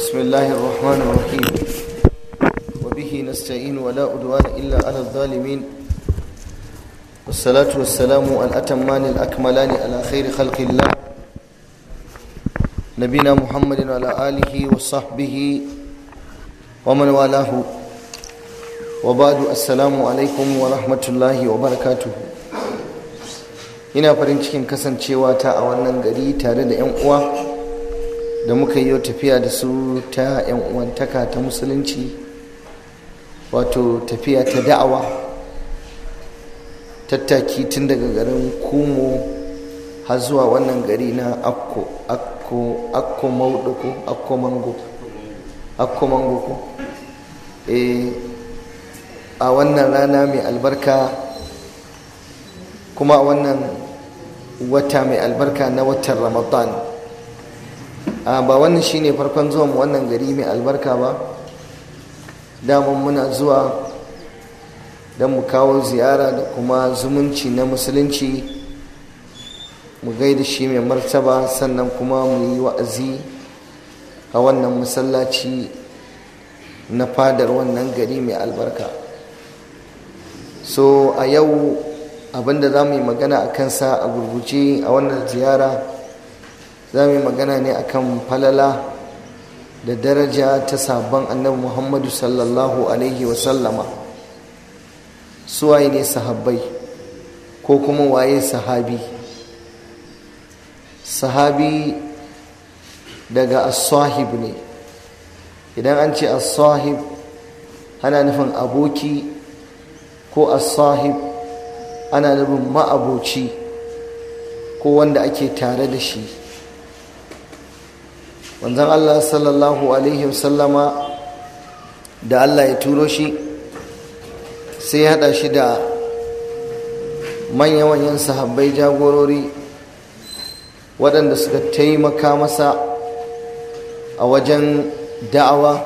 بسم الله الرحمن الرحيم وبه نستعين ولا عدوان إلا على الظالمين والصلاة والسلام الأتمان الأكملان على خير خلق الله نبينا محمد وعلى آله وصحبه ومن والاه وبعد السلام عليكم ورحمة الله وبركاته ina farin cikin kasancewa ta a wannan gari tare da 'yan uwa da muka yi tafiya da su ta 'yan uwantaka ta musulunci wato tafiya ta da'awa tattaki tun daga garin kumo har zuwa wannan gari na akko akko akko mauduko akko mango akko mango ko e, a wannan rana mai albarka kuma a wannan wata mai albarka na watan ramadan ba wannan shine farkon zuwa mu wannan gari mai albarka ba Dama muna zuwa don mu kawo ziyara da kuma zumunci na musulunci mu gaida shi mai martaba sannan kuma mu yi wa'azi a wannan masallaci na fadar wannan gari mai albarka so a yau abinda za mu yi magana a kansa a gurguje a wannan ziyara za mu yi magana ne akan falala da daraja ta sabon annabi muhammadu sallallahu alaihi wasallama suwaye ne sahabbai ko kuma waye sahabi sahabi daga as ne idan an ce as ana nufin aboki ko as ana nufin ma'aboci ko wanda ake tare da shi Wanzan Allah sallallahu alaihi wasallama da Allah ya turo shi sai ya hada shi da manyan sahabbai jagorori waɗanda suka taimaka masa a wajen da'awa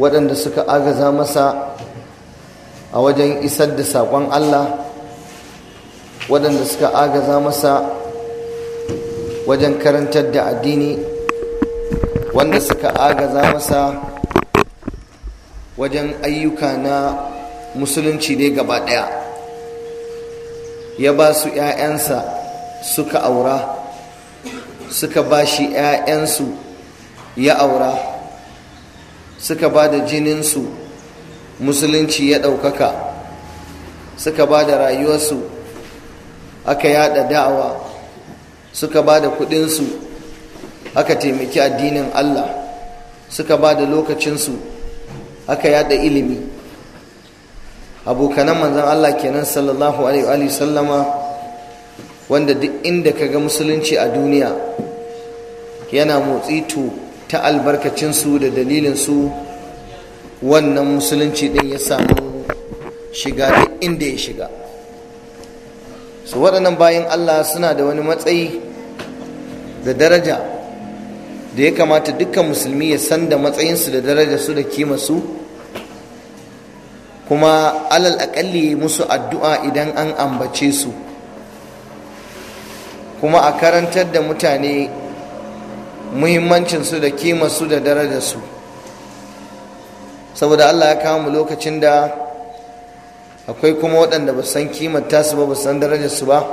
waɗanda suka agaza masa a wajen isar da saƙon Allah waɗanda suka agaza masa wajen karantar da addini wanda suka agaza masa wajen ayyuka na musulunci dai gaba ɗaya ya ba su 'ya'yansa suka aura suka ba shi 'ya'yansu ya aura suka ba da jininsu musulunci ya ɗaukaka suka ba da rayuwarsu aka yada da'awa suka ba da kudinsu aka taimaki addinin Allah suka ba da lokacinsu aka yada ilimi abokanan manzan Allah kenan sallallahu alaihi sallama wanda duk inda ka ga musulunci a duniya yana motsi to ta albarkacinsu da dalilinsu wannan musulunci din ya samu shiga duk inda ya shiga su waɗannan bayan Allah suna da wani matsayi da daraja da ya kamata dukkan musulmi ya san da matsayinsu da darajarsu da kimarsu kuma alal akalli musu addu'a idan an ambace su kuma a karantar da mutane muhimmancinsu da kimarsu da darajarsu saboda allah ya kawo mu lokacin da akwai kuma waɗanda ba san kimar tasu ba ba san darajarsu ba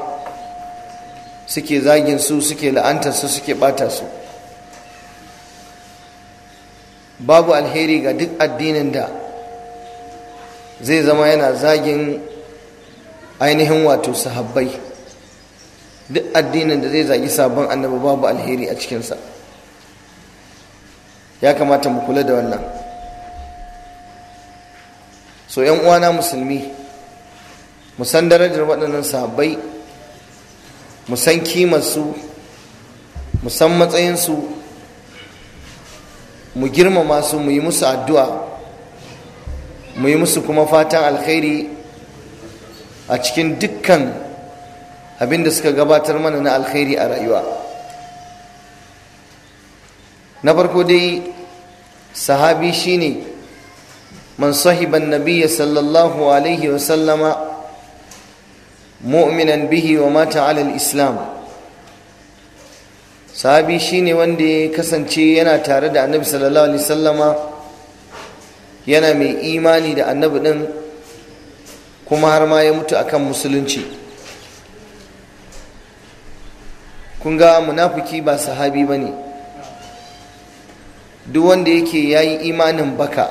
suke zagin su suke la'antar su suke ɓata su babu alheri ga duk addinin da zai zama yana zagin ainihin wato sahabbai duk addinin da zai zagi sabon annabi babu alheri a cikinsa ya kamata mu kula da wannan so yan uwana musulmi mu san darajar waɗannan sahabbai mu san kimarsu mu san matsayinsu mu girmama su mu yi musu addu'a mu yi musu kuma fatan alkhairi a cikin dukkan abin da suka gabatar mana na alkhairi a rayuwa na farko dai sahabi shine man sahiban nabiyya sallallahu alaihi wasallama mu'minan bihi wa mata alal islam sahabi shine wanda ya kasance yana tare da annabi sallallahu alaihi sallama yana mai imani da annabi din kuma har ma ya mutu akan musulunci kun ga munafiki ba sahabi ba ne duk wanda yake ya yi imanin baka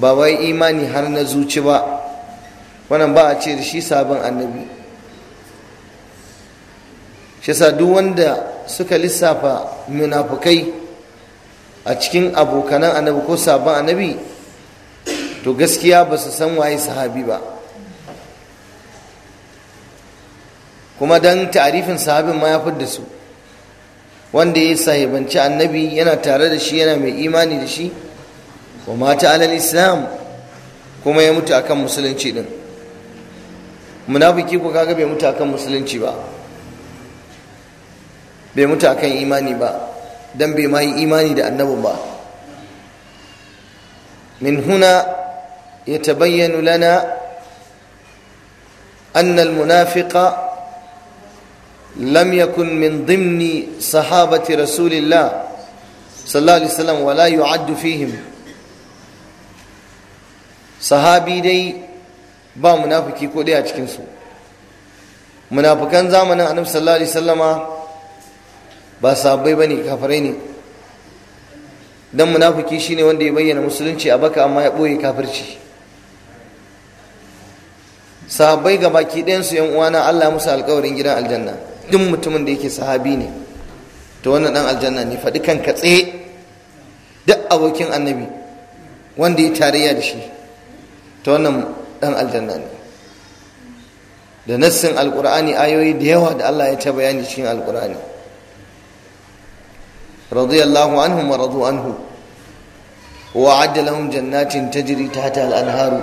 ba wai imani har na zuci ba wannan ba a ce da shi sabon annabi shi sa duk wanda suka lissafa munafukai a cikin abokanan annabi ko sabon annabi to gaskiya ba su san waye sahabi ba kuma don ta'arifin sahabin ma ya da su wanda ya sahibanci annabi yana tare da shi yana mai imani da shi wa mata alal islam kuma ya mutu akan musulunci din munafiki ko kaga bai mutu akan musulunci ba bai mutu akan imani ba Dan bai ma imani da annabin ba min huna ya tabayyanu lana annal munafiqa lam yakun min zimni sahabati rasulillah sallallahu alaihi wasallam wala yu'addu fihim sahabi dai ba munafuki ko daya cikin su Munafukan zamanin annabi sallallahu alaihi ba ba ne kafirai ne munafuki munafiki ne wanda ya bayyana musulunci a baka amma ya ɓoye kafirci sahabbai ga baki ɗayansu yan uwana Allah musu alƙawarin gidan aljanna duk mutumin da yake sahabi ne to wannan dan aljanna ne faɗi kan tsaye duk abokin annabi wanda ya tarayya da shi ta wannan dan aljanna ne da nassin Alƙur'ani ayoyi da yawa da Allah ya ta bayani cikin Alƙur'ani. radiyallahu anhum wa radu anhu wa adda lahum jannatin tajri tahta al-anharu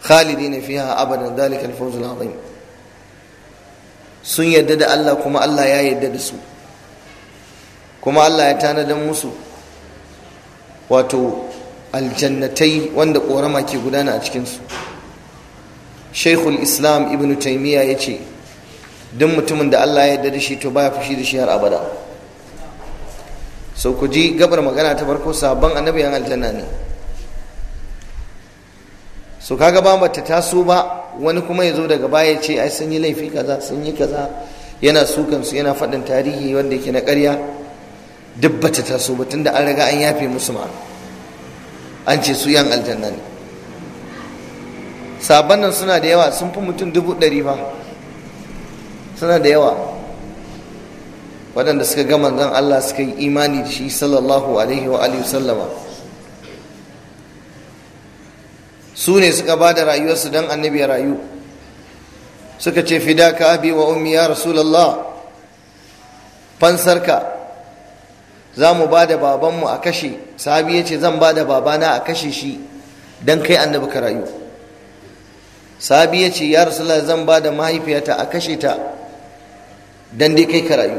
khalidina fiha abadan dhalika al-fawz al-azim sun yadda da Allah kuma Allah ya yadda da su kuma Allah ya tanadan musu wato aljannatai wanda ƙorama ke gudana a cikinsu shaikhul islam ibn Taymiya ya ce duk mutumin da allah ya yadda da shi to baya fushi da shi har abada so ku ji gabar magana ta farko sabon annabi yan aljanna ne so kaga ba mata taso ba wani kuma ya zo daga baya ce ai sun yi laifi kaza sun yi kaza yana sukan su yana faɗin tarihi wanda yake na ƙarya duk bata taso ba tunda an riga an yafe musu ma an ce su yan aljanna ne sabon nan suna da yawa sun fi mutum dubu ɗari ba suna da yawa waɗanda suka gama zan Allah suka yi imani da shi sallallahu alaihi wa alihi sallama su ne suka ba da rayuwarsu don annabi ya rayu suka ce ka abi wa ummi ya rasulullah fansarka za mu ba da babanmu a kashe sahabi ya ce zan ba da babana a kashe shi don kai annabi ka rayu sahabi ya ce ya rasulullah zan ba da mahaifiyata a kashe ta don dai kai ka rayu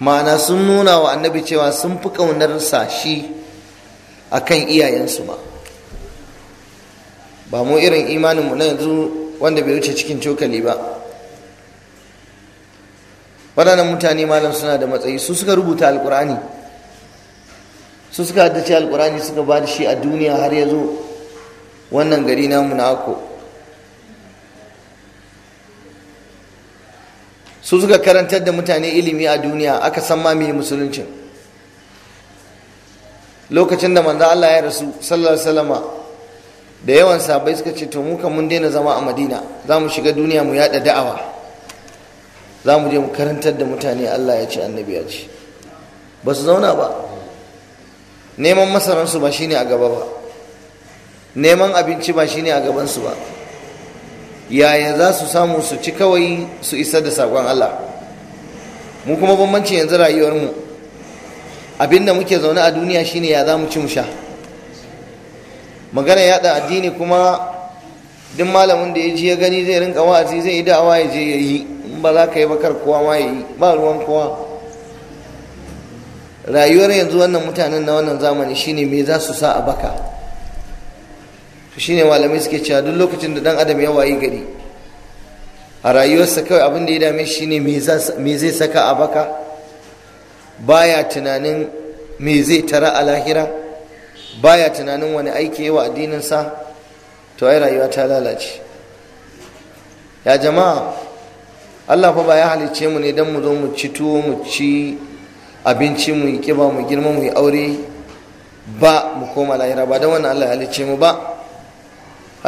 ma'ana sun nuna wa annabi cewa sun fi ƙaunarsa shi a kan iyayensu ba ba mu irin imaninmu na yanzu wanda bai wuce cikin cokali ba waɗannan mutane malam suna da matsayi su suka rubuta Alƙur'ani, su suka haddace Alƙur'ani suka ba da shi a duniya har ya zo wannan gari namu na ako su suka karantar da mutane ilimi a duniya aka san ma mai musuluncin lokacin da manzo Allah ya rasu sallallahu alaihi wasallama da yawan sabai suka ce to mu kan mun daina zama a Madina za mu shiga duniya mu yada da'awa za mu je mu karantar da mutane Allah ya ce annabi ya ce ba su zauna ba neman masaransu ba shine a gaba ba neman abinci ba shine a gabansu ba yaya za su samu su ci kawai su isar da sakon Allah mu kuma bambanci yanzu rayuwarmu abinda muke zaune a duniya shine ya za mu ci mu sha magana yada addini kuma duk malamin da ya ji ya gani zai rinka wa'azi zai yi da'awa ya je ya yi in ba za ka yi bakar kowa ma ya yi ba ruwan kowa rayuwar yanzu wannan mutanen na wannan zamani shine me za su sa a baka to shine malamai suke cewa duk lokacin da dan adam ya wayi gari a rayuwarsa kawai abin da ya dame shi ne me zai saka a baka baya tunanin me zai tara a lahira baya tunanin wani aiki yawa addininsa to ai rayuwa ta lalace ya jama'a Allah fa ba ya halicce mu ne don mu zo mu ci tuwo mu ci abinci mu yi kiba mu girma mu yi aure ba mu koma lahira ba don wannan Allah ya halicce mu ba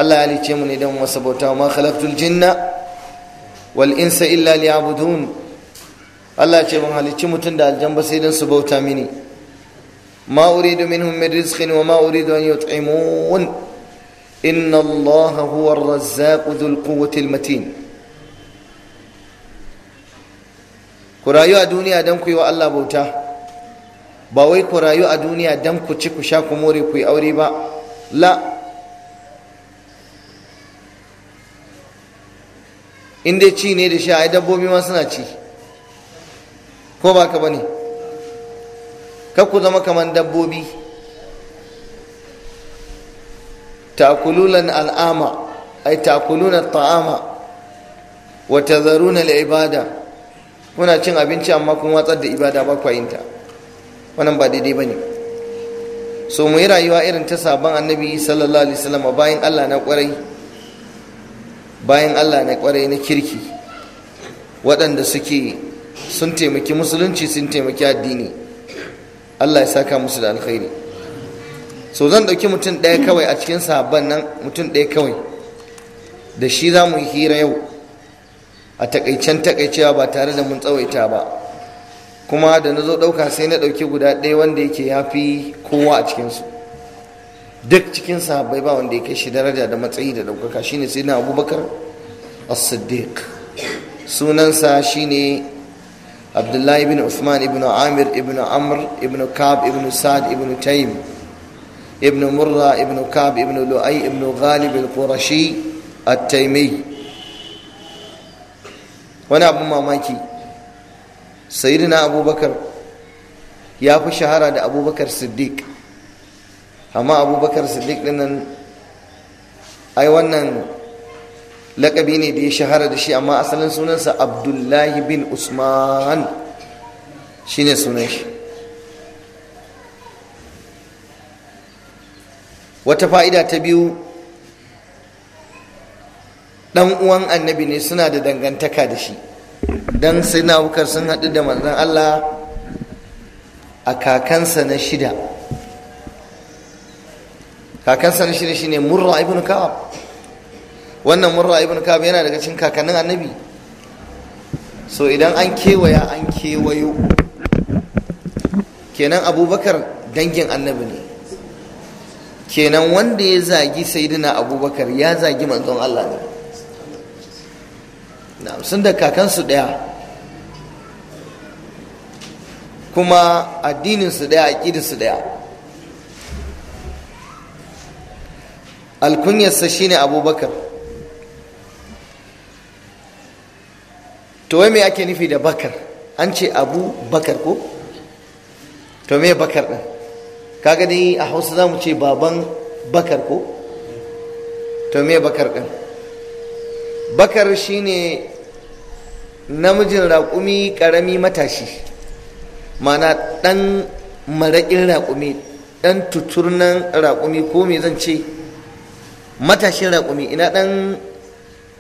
Allah ya halice mu ne don masa bauta ma khalaqtul jinna wal insa illa liya'budun Allah ce ban halicci mutum da aljan ba sai don su bauta mini ma uridu minhum min rizqin wa ma uridu an yut'imun inna Allah huwa ar-razzaq dhul quwwati al-matin ku rayu a duniya don ku yi wa Allah bauta ba wai ku rayu a duniya don ku ci ku sha ku more ku yi aure ba la in dai ci ne da sha ai dabbobi ma suna ci ko ba ka bane kar ku zama kamar dabbobi ta'kululan al'ama ai ta'kuluna ta'ama Wata zarunan ibada. kuna cin abinci amma kun watsar da ibada ba kwayinta wannan ba daidai ba ne. so mu yi rayuwa irin ta sabon annabi sallallahu alaihi wasallam bayan Allah na kwarai bayan Allah na kwarai na kirki waɗanda suke sun taimaki musulunci sun taimaki addini Allah ya saka musu da alkhairi so zan ɗauki mutum ɗaya kawai a cikin sahabban nan mutum ɗaya kawai da shi za mu hira yau a takaicen takaicewa ba tare da mun tsawaita ba kuma da na zo ɗauka sai na ɗauki guda ɗaya wanda yake ya fi kowa a cikinsu duk cikin sahabbai ba wanda ya kai shi daraja da matsayi da ɗaukaka shine sai na abubakar as-siddiq sunansa shine abdullahi ibn usman ibn amir ibn amr ibn kab ibn sa'd ibn taym ibn murra ibn kab ibn lu'ay ibn ghalib al-qurashi at-taymi wani abun mamaki sayyidina abubakar ya fi shahara da abubakar siddiq amma abubakar siddiq dinnan ai wannan lakabi ne da ya shahara da shi amma asalin sunansa abdullahi bin usman shine sunan shi wata fa'ida ta biyu dan uwan annabi ne suna da dangantaka da shi don sai na sun haɗu da manzon Allah a kakansa na shida shi ne shi ne murra ibn ka'ab wannan murra ibn ka'ab yana daga cikin kakannin annabi so idan an kewaya an kewayo kenan abubakar dangin annabi ne kenan wanda ya zagi saidina abubakar ya zagi manzon Allah ne Na sun da kakansu daya kuma addininsu daya aƙidinsu daya alkunyarsa shi ne abubakar to wai me ake nufi da bakar an ce abu bakar ko to me bakar ɗin kaga dai a hausa za mu ce baban bakar ko to me bakar ɗin bakar shine namijin raƙumi ƙarami matashi mana ɗan maraƙin raƙumi ɗan tuturnan raƙumi ko me zan ce matashin raƙumi ina ɗan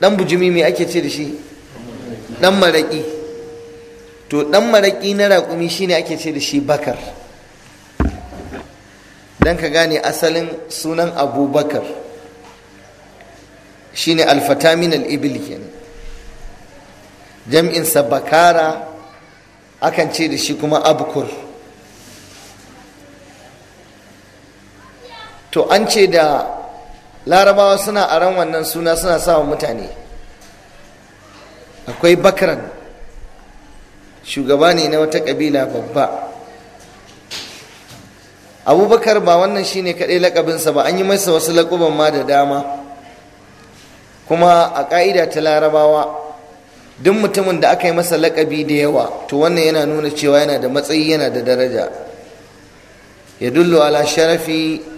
ɗan me ake ce da shi ɗan maraƙi to ɗan maraƙi na raƙumi shine ake ce da shi bakar don ka gane asalin sunan abubakar shine alfatamin al'ibil jam'insa bakara akan ce da shi kuma abkur to an ce da larabawa suna ran wannan suna suna sawa mutane akwai bakran shugaba ne na wata kabila babba abubakar ba wannan shine kaɗai lakabinsa ba an yi masa wasu lakuban ma da dama kuma a ƙa'ida ta larabawa duk mutumin da aka yi masa lakabi da yawa to wannan yana nuna cewa yana da matsayi yana da daraja ya dullo ala sharafi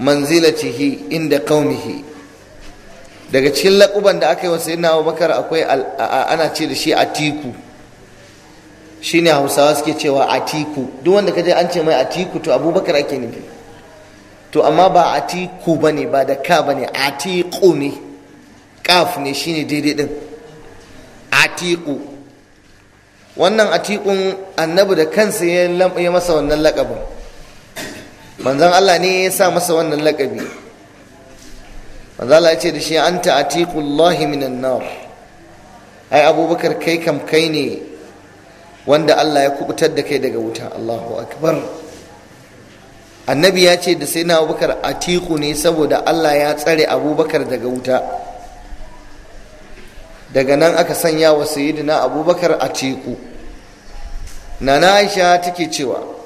manzilatihi inda qaumihi daga cikin laƙuban da aka yi wa sayyidina bakar akwai ana ce da shi atiku shine Hausawa suke cewa atiku duk wanda kaje an ce mai atiku to Abubakar ake nufi to amma ba atiku bane ba da ka bane atiku ne kaf ne shine daidai din atiku wannan atikun annabi da kansa ya masa wannan laƙabin manzan Allah ne ya sa masa wannan lakabi manzon Allah ya ce da shi anta atiqullahi minan nar ai abubakar kai kam kai ne wanda Allah ya kubutar da kai daga wuta Allahu akbar annabi ya ce da sai na abubakar tiku ne saboda Allah ya tsare abubakar daga wuta daga nan aka sanya wa sayyidina abubakar a atiku nana aisha take cewa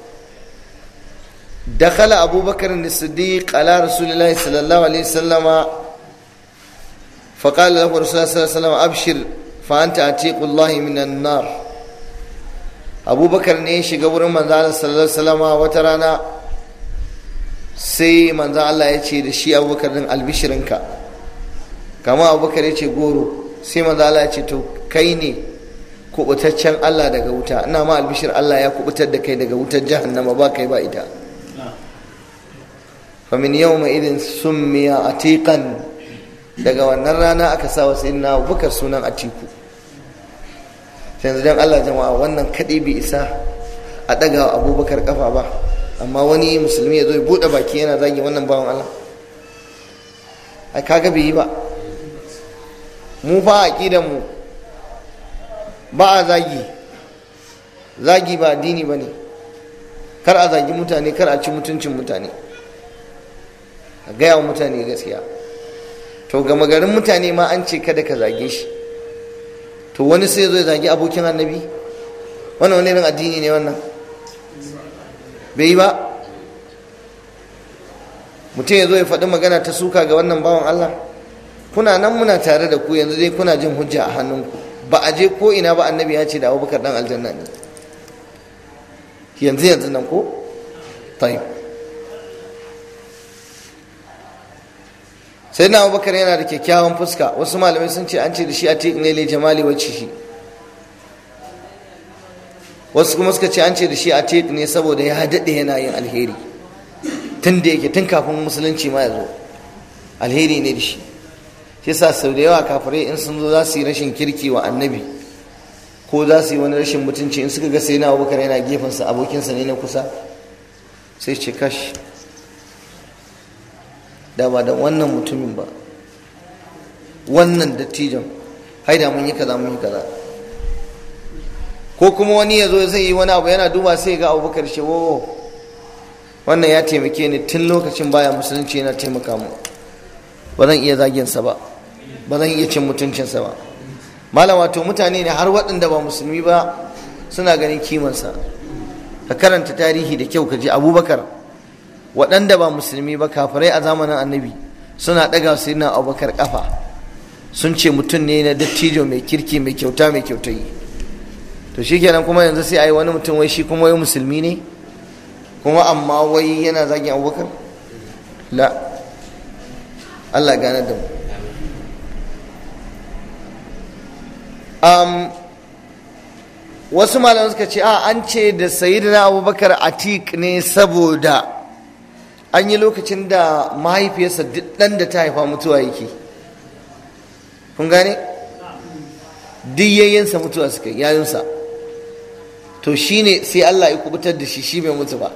Dakala أبو بكر الصديق على رسول الله صلى الله عليه وسلم فقال له رسول الله صلى الله عليه وسلم ne shiga wurin manzo a sallallahu alaihi wasallam wata rana sai manzo Allah ya ce da shi Abu Bakar albishirinka kama Abu ya ce goro sai manzo Allah ya ce to kai ne kubutaccen Allah daga wuta ina ma albishir Allah ya kubutar da kai daga wutar nama ba kai ba ita famin yau mai irin summiya a tiƙan daga wannan rana aka sa wasu ina bukar sunan a tiku yanzu don allah jama'a wannan kadai bai isa a ɗaga abubakar ƙafa ba amma wani musulmi ya zo ya buɗe baki yana zagi wannan bawan allah ai kaga bai yi ba mu fa a mu ba a zagi zagi ba addini ba ne kar a zagi mutane kar a ci mutuncin mutane a gaya wa mutane gaskiya to gama garin mutane ma an ce kada ka zage shi to wani sai zo ya zagi abokin annabi wannan wani irin addini ne wannan bai yi ba mutum ya zo ya faɗi magana ta suka ga wannan bawan Allah kuna nan muna tare da ku yanzu dai kuna jin hujja a hannunku ba a je ko ina ba annabi ya ce da abubakar dan aljanna ne yanzu yanzu nan ko tayyib sai na abubakar yana da kyakkyawan fuska wasu malamai sun ce an ce da shi a ne le jamali wacce shi wasu kuma suka ce an ce da shi a ne saboda ya daɗe yana yin alheri tun da yake tun kafin musulunci ma ya zo alheri ne da shi shi sa sau da yawa kafirai in sun zo za su yi rashin kirki wa annabi ko za su yi wani rashin mutunci in suka ga sai na abubakar yana gefensa abokinsa ne na kusa sai ce kashi da ba da wannan mutumin ba wannan dattijan haida mun yi kaza mun yi kaza ko kuma wani ya zo zai yi wani abu yana duba sai ga abubakar shi wo wannan ya taimake ni tun lokacin baya musulunci yana taimaka mu ba zan iya zaginsa ba ba zan iya cin mutuncinsa ba malam wato mutane ne har waɗanda ba musulmi ba suna ganin kimansa ka karanta tarihi da kyau ka ji abubakar waɗanda ba musulmi ba kafirai a zamanin annabi suna ɗaga su yana abubakar ƙafa sun ce mutum ne na dattijo mai kirki mai kyauta mai yi. to shi kenan kuma yanzu sai a yi wani mutum wai shi kuma wai musulmi ne kuma amma wai yana zagin abubakar la allah gane da mu um, wasu malamai suka ce a an ce da sayidina abubakar atik ne saboda an yi lokacin da mahaifiyarsa duk ɗan da ta haifa mutuwa yake kun gane duk yayyansa mutuwa suka yayinsa to shi ne sai Allah ya kubutar da shi shi bai mutu ba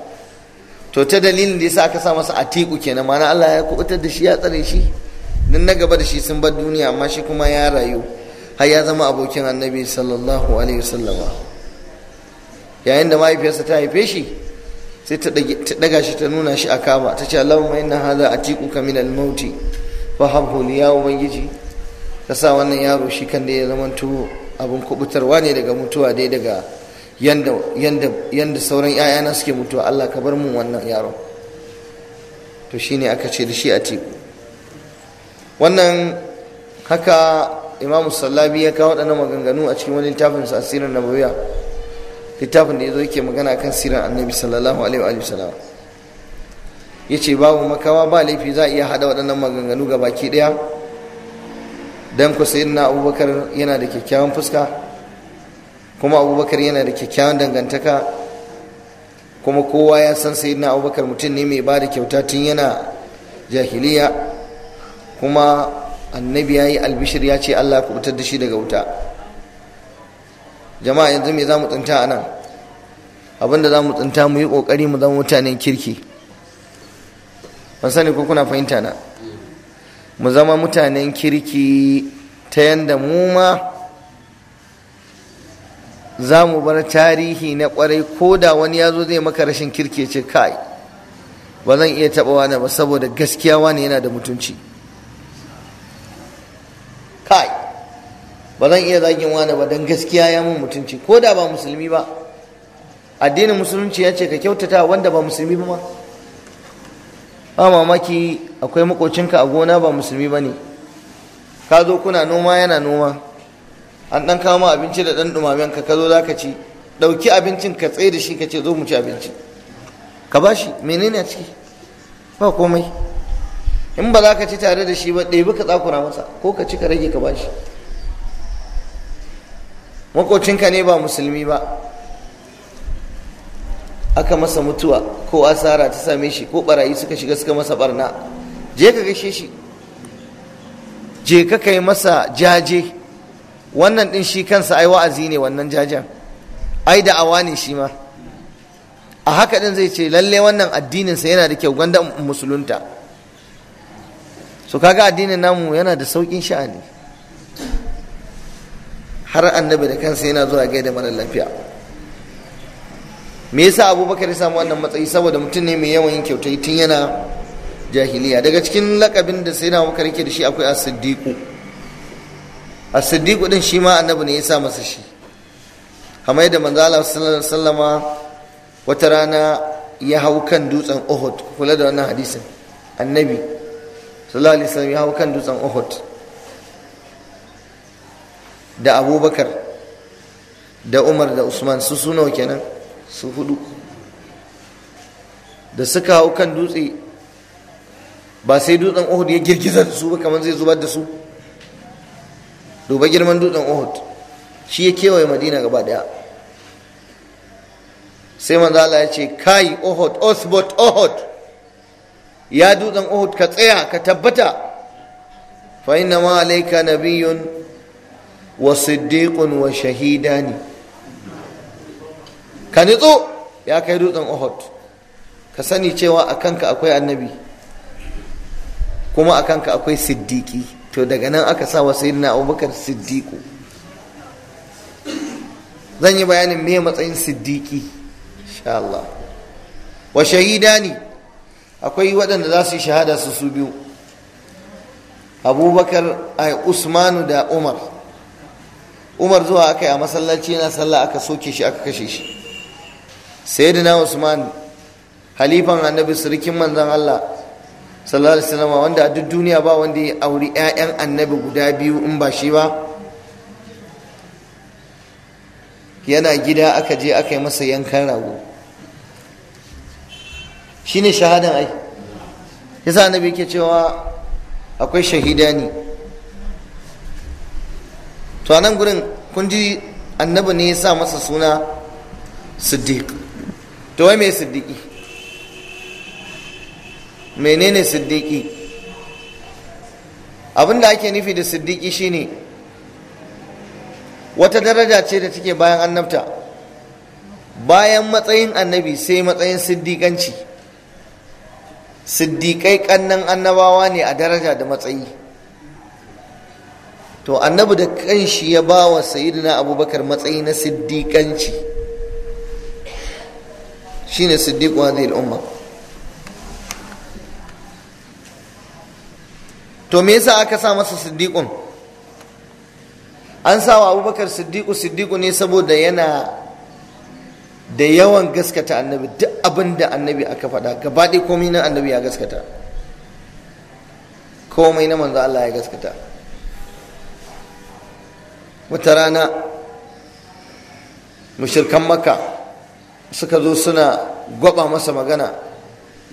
to ta dalilin da yasa aka sa masa a teku kenan mana Allah ya kubutar da shi ya tsare shi nan na gaba da shi sun bar duniya amma shi kuma ya rayu har ya zama abokin annabi sallallahu alaihi wasallama yayin da mahaifiyarsa ta haife shi sai ta daga shi ta nuna shi a kama ta ce Allahumma inna hadha atiquka min al-mauti fa habhu li ya ubangiji ta sa wannan yaro shi kan da ya zamanto abin kubutarwa ne daga mutuwa dai daga yanda yanda yanda sauran ƴaƴana suke mutuwa Allah ka bar mun wannan yaro to shine aka ce da shi atiku wannan haka Imam Sallabi ya kawo waɗannan maganganu a cikin wani littafin sa Asirin Nabawiya littafin da ya zo yake magana kan sirar annabi sallallahu alaihi wa sallam ya ce babu makawa ba laifi za a iya haɗa waɗannan maganganu ga baki ɗaya don ku sayi na abubakar yana da kyakkyawan fuska kuma abubakar yana da kyakkyawan dangantaka kuma kowa ya san sayi na abubakar mutum ne mai ba da kyauta tun yana jahiliya kuma annabi ya yi albishir ya ce allah ku fitar da shi daga wuta jama'a yanzu me za mu tsinta a nan abinda za mu tsinta mu yi ƙoƙari mu zama mutanen kirki ban sani ko kuna fahimta na mu zama mutanen kirki ta yadda mu ma za mu bar tarihi na kwarai ko da wani ya zo zai maka rashin kirki ce kai ba zan iya taɓa wani ba saboda gaskiya wani yana da mutunci kai ba zan iya zagin wani ba don gaskiya ya mun mutunci ko da ba musulmi ba addinin musulunci ya ce ka kyautata wanda ba musulmi ba ma ba mamaki akwai makocinka a gona ba musulmi ba ne ka zo kuna noma yana noma an ɗan kawo abinci da ɗan ɗumamen ka zo za ka ci ɗauki abincin ka tsaye da shi ka ce zo mu ci abinci ka ba shi menene a ciki ba komai in ba za ka ci tare da shi ba ɗebi ka tsakura masa ko ka ci ka rage ka ba shi makocinka ne ba musulmi ba aka masa mutuwa ko asara ta same shi ko barayi suka shiga suka masa barna je ka gashe shi je ka kai masa jaje wannan din shi kansa ai wa'azi ne wannan jajen ai da awa ne shi ma a haka din zai ce lalle wannan addininsa yana da kyau gwanda musulunta so kaga addinin namu yana da saukin sha'ani har annabi da kansa yana zuwa gaida mara lafiya me yasa abubakar ya samu wannan matsayi saboda mutum ne mai yawan yin kyautai tun yana jahiliya daga cikin lakabin da sai na abubakar yake da shi akwai as-siddiqu din shi ma annabi ne ya sa masa shi kamar yadda manzo Allah sallallahu alaihi wasallama wata rana ya hau kan dutsen Uhud kula da wannan hadisin annabi sallallahu alaihi wasallam ya hau kan dutsen Uhud da abubakar da umar da usman su suna kenan su hudu da suka hau kan dutse ba sai dutsen uhud ya girgiza su ba kamar zai zubar da su duba girman dutsen uhud shi ya kewaye madina gaba daya sai manzo Allah ya ce kai uhud osbot uhud ya dutsen uhud ka tsaya ka tabbata fa inna ma alayka nabiyyun wa siddiqun wa shahidani ka nitso ya kai dutsen Ohot. ka sani cewa a kanka akwai annabi kuma a kanka akwai to daga nan aka sa wa sayyidina abubakar siddiqu zan yi bayanin me matsayin siddiqi insha Allah wa shahidani akwai waɗanda za su yi shahada su su biyu abubakar a usmanu da umar umar zuwa aka yi a masallaci yana sallah aka soke shi aka kashe shi sayyidina usman halifan annabi surikin manzon Allah sallallahu alaihi wanda a duk duniya ba wanda ya auri 'ya'yan annabi guda biyu in ba shi ba yana gida aka je aka yi masa yankan rago shine shahadan ai yasa annabi yake cewa akwai shahidani to gurin kun ji annabi ne ya sa masa suna siddiq to wai mai siddiqi menene siddiqi abin da ake nufi da siddiqi shine wata daraja ce da take bayan annabta bayan matsayin annabi sai matsayin siddiƙanci siddiƙai ƙannan annabawa ne a daraja da matsayi to annabi da kanshi ya ba wa sayidina abubakar matsayi na siddiƙanci shine siddiqu hadhihi al-umma to me yasa aka sa masa siddiƙun? an sa wa abubakar siddiƙu, siddiƙu ne saboda yana da yawan gaskata annabi duk abin da annabi aka faɗa gabaɗe komai na annabi ya gaskata komai na manzo Allah ya gaskata wata rana mushirkan maka suka zo suna gwaba masa magana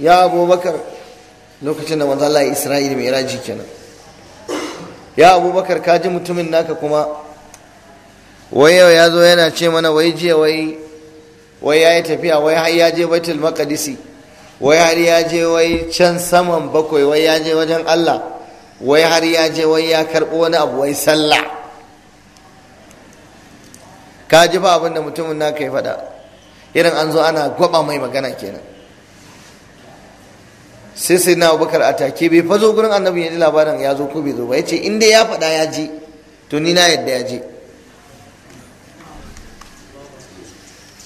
ya abubakar lokacin da manzo Allah ya Isra'ila mai raji kenan ya abubakar ka ji mutumin naka kuma wai ya zo yana ce mana wai jiya wai wai ya yi tafiya wai har ya je baitul maqdisi wai har ya je wai can saman bakwai wai ya je wajen Allah wai har ya je wai ya karɓo wani abu wai sallah ka ji ba abinda da mutumin na kai faɗa irin an zo ana gwaba mai magana kenan sai sai na abubakar a take bai fazo gurin annabi ya ji labarin ya zo ko bai zo ba ya ce in dai ya faɗa ya ji to ni na yadda ya ji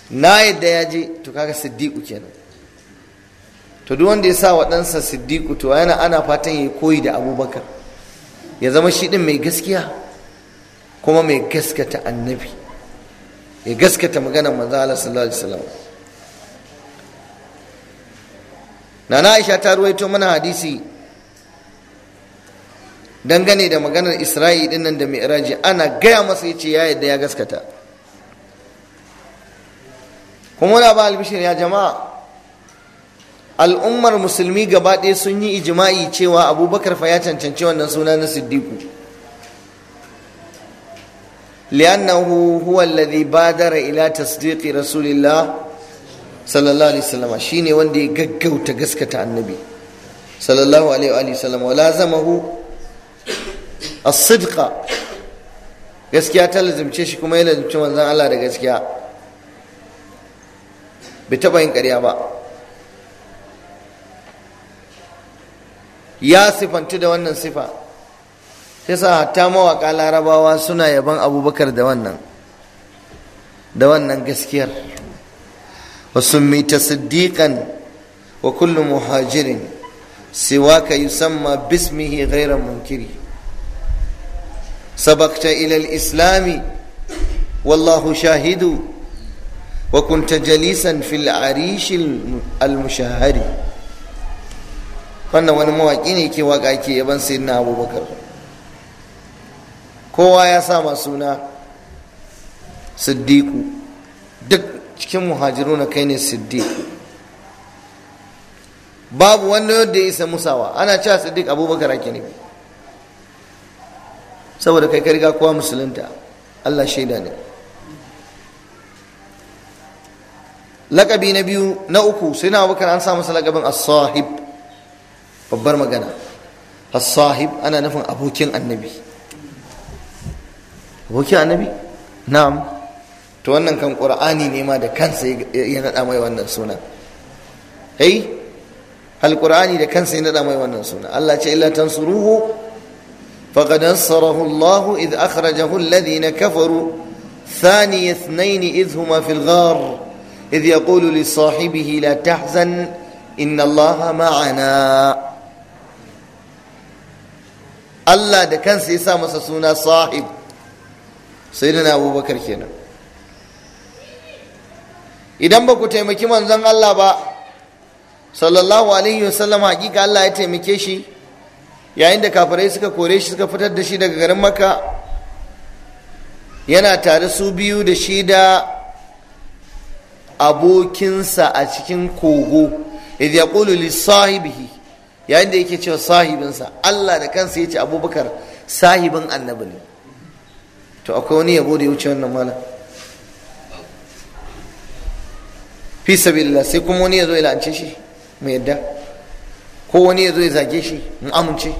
na yadda ya ji to kaga siddiqu kenan to duk wanda ya sa waɗansa ɗansa siddiqu to yana ana fatan ya koyi da abubakar ya zama shi ɗin mai gaskiya kuma mai gaskata annabi ya gaskata maganar manzo Allah sallallahu alaihi wasallam nana Aisha ta ruwaito mana hadisi dangane da maganar Isra'i din nan da Mi'raji ana gaya masa yace ya yadda ya gaskata kuma na ba albishir ya jama'a al'ummar musulmi gaba ɗaya sun yi ijima'i cewa abubakar fa ya cancanci wannan suna na siddiku li'annahu huwa badara ila sidiki rasulillah sallallahu alaihi wasallam shine wanda ya gaggauta gaskata annabi sallallahu alaihi wasallam wa lazamahu as-sidqa gaskiya ta lazimce shi kuma ya lazimci manzon Allah da gaskiya bai taɓa yin karya ba ya sifanti da wannan sifa yasa ta mawaƙa larabawa suna yaban abubakar da wannan gaskiyar wasu mita siddiƙan wa kullum muhajirin siwa ka yi samma bismihi ghairan munkiri sabakta ilal islami wallahu shahidu wa kunta jalisan fil arishin almushahari wannan wani mawaƙi ne ke waƙa ke yaban sayyidina abubakar abubakar kowa ya sa ma suna siddiku duk cikin muhajiru na kai ne siddiku babu wanda yadda ya isa musawa ana cewa siddiq abubakar ake ne saboda kai ka riga kowa musulunta allah shaida ne lakabi na biyu na uku sai na abubakar an sa masa lakabin as-sahib babbar magana as-sahib ana nufin abokin annabi abokin annabi na'am to wannan kan qur'ani ne ma da kansa ya nada mai wannan suna hey eh? alqur'ani da kansa ya nada mai wannan suna Allah ce illa tansuruhu faqad ansarahu Allah id akhrajahu alladhina kafaru ثاني اثنين إذ هما في الغار إذ يقول لصاحبه لا تحزن إن Allah da الله ya كان سيسا مسسونا صاحب sai da abubakar kenan idan ba ku taimaki manzon Allah ba sallallahu alaihi wasallam hakika Allah ya taimake shi yayin da kafirai suka kore shi suka fitar da shi daga garin makka yana tare su biyu da shi da abokinsa a cikin kogo idh yaqulu li sahibihi yayin da yake cewa sahibinsa Allah da kansa ya ce abubakar sahibin annabi ne to akwai wani yabo da ya wuce wannan malam fi sabilillah sai kuma wani ya zo ya la'ance shi mai yadda ko wani ya zo ya zage shi in amince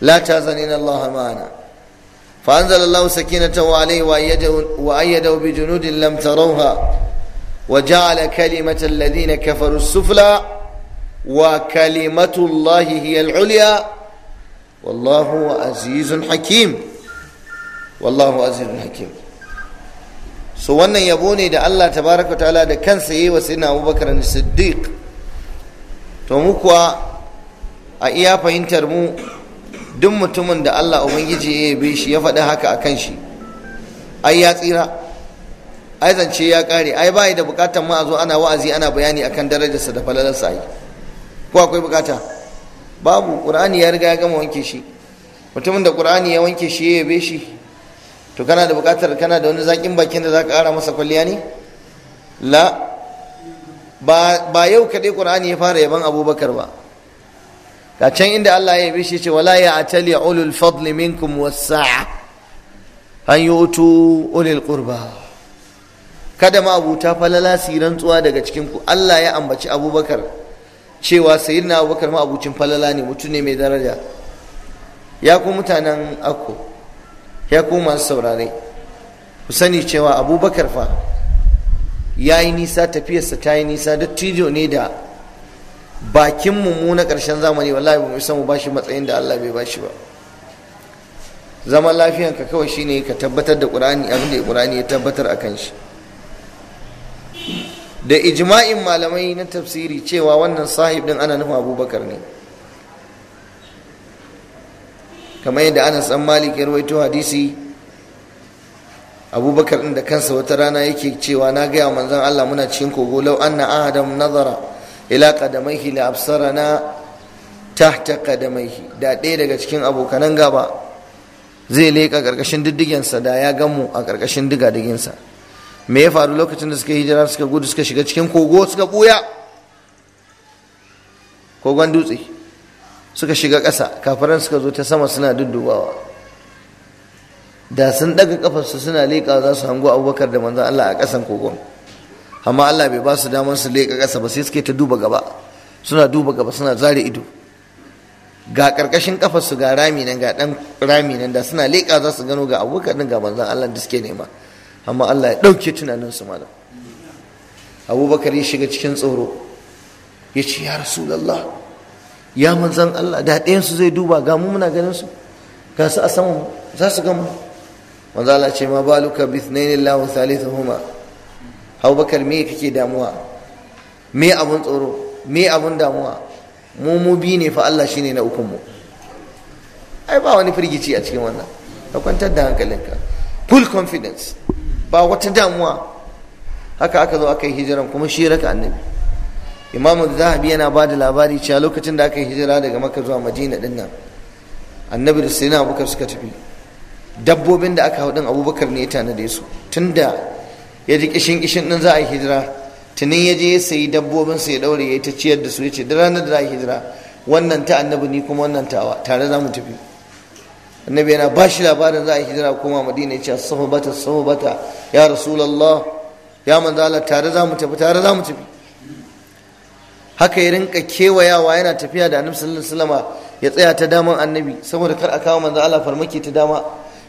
لا تحزنين الله معنا فأنزل الله سكينته عليه وأيده بجنود لم تروها وجعل كلمة الذين كفروا السفلى وكلمة الله هي العليا wallahu azizun hakim wallahu azizun hakim so wannan yabo ne da Allah baraka ta'ala da kansa yayi wa sayyidina Abubakar Siddiq to mu kuwa a iya fahimtar mu duk mutumin da Allah ubangiji ya yabe shi ya faɗi haka akan shi ai ya tsira ai zance ya kare ai bai da bukatar ma a zo ana wa'azi ana bayani akan darajarsa da falalarsa ai ko akwai bukata babu qur'ani ya riga ya gama wanke shi mutumin da qur'ani ya wanke shi ya yabe shi to kana da buƙatar kana da wani zaƙin bakin da za ka ƙara masa kwalliya ne la ba yau kaɗai ƙur'ani ya fara yaban abubakar ba ga can inda Allah ya yabe shi ce wala ya atali ulul fadli minkum wasa'a an yi utu ulul qurba kada ma abuta falala siran tsuwa daga cikin ku Allah ya ambaci abubakar cewa sayyidina abubakar ma abucin falala ne mutum ne mai daraja ya ku mutanen akko ya ku masu saurare ku sani cewa abubakar fa ya yi nisa tafiyarsa ta yi nisa da dattijo ne da bakin mu na ƙarshen zamani wallahi ba mu san mu bashi matsayin da Allah bai bashi ba zaman lafiyanka kawai shine ka tabbatar da Qur'ani abinda da Qur'ani ya tabbatar akan shi da ijma'in malamai na tafsiri cewa wannan sahib din ana nufin abubakar ne kamar yadda ana san malik ya rawaito hadisi abubakar din da kansa wata rana yake cewa na gaya manzon allah muna cikin kogo lau na ahadam nazara ila qadamaihi la absarana tahta qadamaihi da ɗaya daga cikin abokanan gaba zai leƙa ƙarƙashin diddigensa da ya gamu a ƙarƙashin digadiginsa me ya faru lokacin da suka hijira suka gudu suka shiga cikin kogo suka buya kogon dutse suka shiga ƙasa kafaran suka zo ta sama suna duddubawa da sun daga kafarsu suna leƙa za su hango abubakar da manzan Allah a ƙasan kogon amma Allah bai ba su damar su leƙa ƙasa ba sai suke ta duba gaba suna duba gaba suna zare ido ga ƙarƙashin kafarsu ga rami nan ga ɗan rami nan da suna leƙa za su gano ga abubakar ɗin ga manzan Allah da suke nema amma Allah ya ɗauke tunaninsu malam abubakar ya shiga cikin tsoro ya ce ya rasulallah ya manzan Allah da ɗayansu zai duba ga mu muna ganin su ga su a saman za su gama manzo Allah ce ma baluka bi ithnaini Allah wa thalithuhuma abubakar me kake damuwa me abun tsoro me abun damuwa mu mu ne fa Allah shine na ukun mu ai ba wani firgici a cikin wannan ka kwantar da hankalinka full confidence ba wata damuwa haka aka zo aka yi hijiran kuma shi raka annabi imam zahabi yana ba da labari cewa lokacin da aka yi hijira daga maka zuwa madina din nan annabi da sayyidina abubakar suka tafi dabbobin da aka haɗin abubakar ne ya tanade su tunda ya ji kishin kishin din za a yi hijira tunin ya je ya sayi dabbobin sa ya daure ya ta ciyar da su ya ce da ranar da za a yi hijira wannan ta annabi ni kuma wannan tawa tare za mu tafi annabi yana ba shi labarin za a yi hijira koma madina yace sahbata sahbata ya rasulullah ya manzo Allah tare za mu tafi tare za mu tafi haka ya rinka kewayawa yana tafiya da annabi sallallahu alaihi wasallam ya tsaya ta daman annabi saboda kar a kawo manzo Allah farmaki ta dama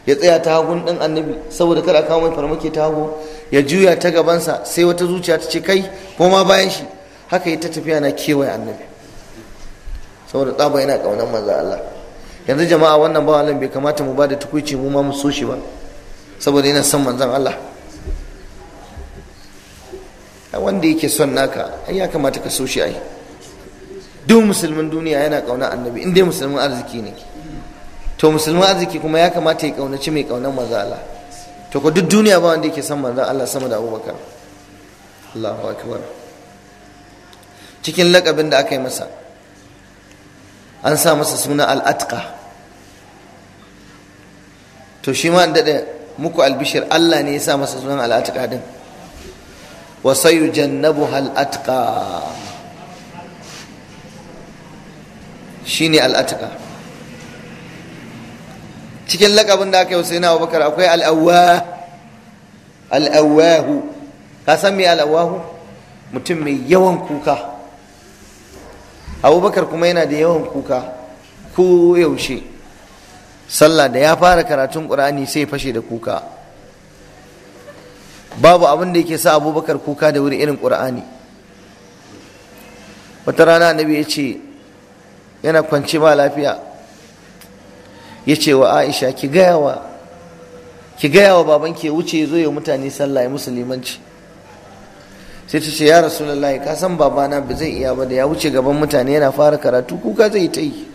ya tsaya ta hagun din annabi saboda kar a kawo mai farmaki ta hagu ya juya ta gabansa sai wata zuciya ta ce kai ko ma bayan shi haka ya ta tafiya na kewaye annabi saboda tsaba yana kaunar manzo Allah yanzu jama'a wannan ba bai kamata mu ba da tukuici mu ma mu so shi ba saboda yana son manzon Allah wanda yake son naka ai ya kamata ka so shi ai duk musulmin duniya yana kauna annabi in dai musulmin arziki ne to musulmin arziki kuma ya kamata ya kaunaci mai kaunan manzon Allah to ko duk duniya ba wanda yake son manzon Allah sama da Abubakar Allahu akbar cikin lakabin da aka yi masa an sa masa suna al'atka to shi ma muku albishir Allah ne ya sa masa sunan al'atka din wa sayujannabu al'atka shine al'atka cikin lakabin da aka yi yana Abubakar akwai al'awwa al'awwahu ka san me al'awwahu mutum mai yawan kuka abubakar kuma yana da yawan kuka ko yaushe sallah da ya fara karatun ƙur'ani sai fashe da kuka babu abin da yake sa abubakar kuka da wuri irin ƙur'ani wata rana annabi ya ce yana kwance ba lafiya ya ce wa aisha ki gaya wa ki gaya wa baban wuce zo ya mutane sallah ya musulmanci sai ta ce ya rasulallah ka kasan babana ba zai iya ba da ya wuce gaban mutane yana fara karatu kuka zai ta yi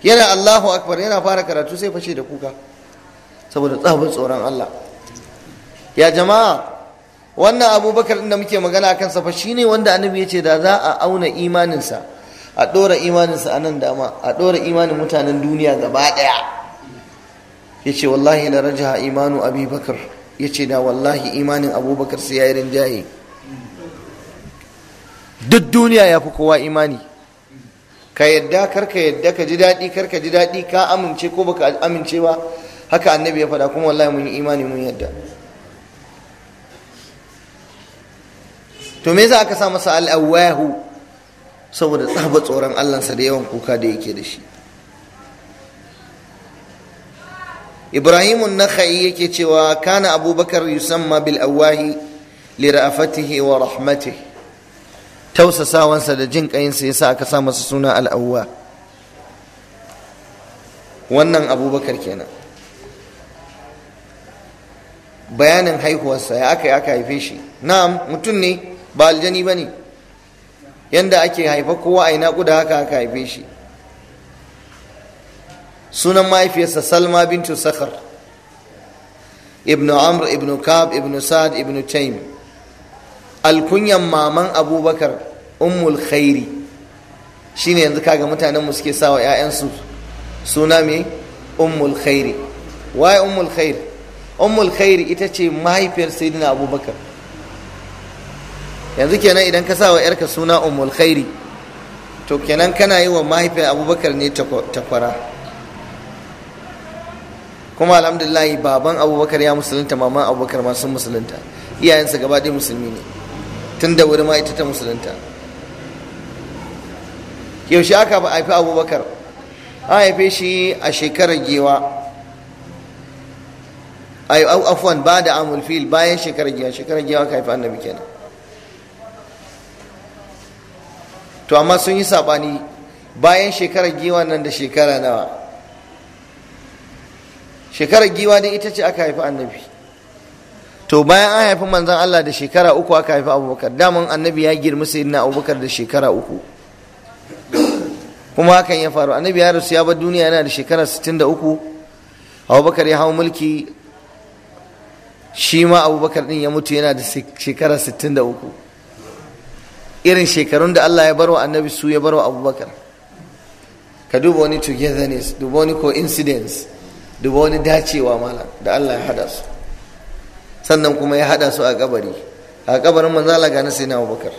yana allahu akbar yana fara karatu sai fashe da kuka saboda tsabar tsoron allah ya jama'a wannan abubakar da muke magana a kansa fa ne wanda annabi ya ce da za a auna imaninsa a ɗora imaninsa a nan dama a ɗora imanin mutanen duniya gaba ɗaya ya ce wallahi na raja imanu abubakar ya ce da wallahi imanin abubakar sai ya yi rinjaye duk duniya ya fi kowa imani ka yadda karka yadda ka ji daɗi karka ji daɗi ka amince ko baka amince ba haka annabi ya faɗa kuma wallahi mun yi imani mun yadda to me za aka sa masa al'awahu saboda tsaba tsoron allansa da yawan kuka da yake da shi ibrahimun nakha'i yake cewa kana abubakar yusamma bil awahi li ra'afatihi tausasawansa da jin kayinsa yasa aka sa masa suna al wannan abubakar kenan bayanin haihuwarsa ya aka aka haife shi na'am mutum ne ba aljani ba ne yanda ake haifa kowa a yi naƙuda haka aka haife shi sunan mahaifiyarsa salma bintu sakhar ibn amr ibn kab ibn sa'ad ibn taim alkunyan maman abubakar ummul khairi shine yanzu kaga mutanenmu suke sawa 'ya'yansu suna me ummul khairi wai ummul khair ummul khair ita ce mahaifiyar sayyidina abubakar yanzu kenan idan ka sawa yarka suna ummul khairi to kenan kana yi wa mahaifiyar abubakar ne takwara kuma alhamdulillah baban abubakar ya musulunta mama abubakar ma sun musulunta iyayensa gaba ɗaya musulmi ne tun da wuri ma ita ta musulunta yaushe aka ba haifi abubakar an haife shi a shekarar gewa afwan ba da amul fil bayan shekarar gewa shekarar gewa ka haifi annabi kenan to amma sun yi saɓani bayan shekarar gewa nan da shekara nawa shekarar giwa dai ita ce aka haifi annabi to bayan an haifi manzan Allah da shekara uku aka haifi abubakar daman annabi ya girma na abubakar da shekara uku kuma hakan ya faru annabi ya rasu ya bar duniya yana da shekara 63 abubakar ya hau mulki shi ma abubakar din ya mutu yana da shekara 63 irin shekarun da Allah ya barwa annabi su ya barwa abubakar ka duba wani togetherness duba wani coincidence duba wani dacewa mala da Allah ya hada su sannan kuma ya hada su a kabari a kabarin manzala ga na Abubakar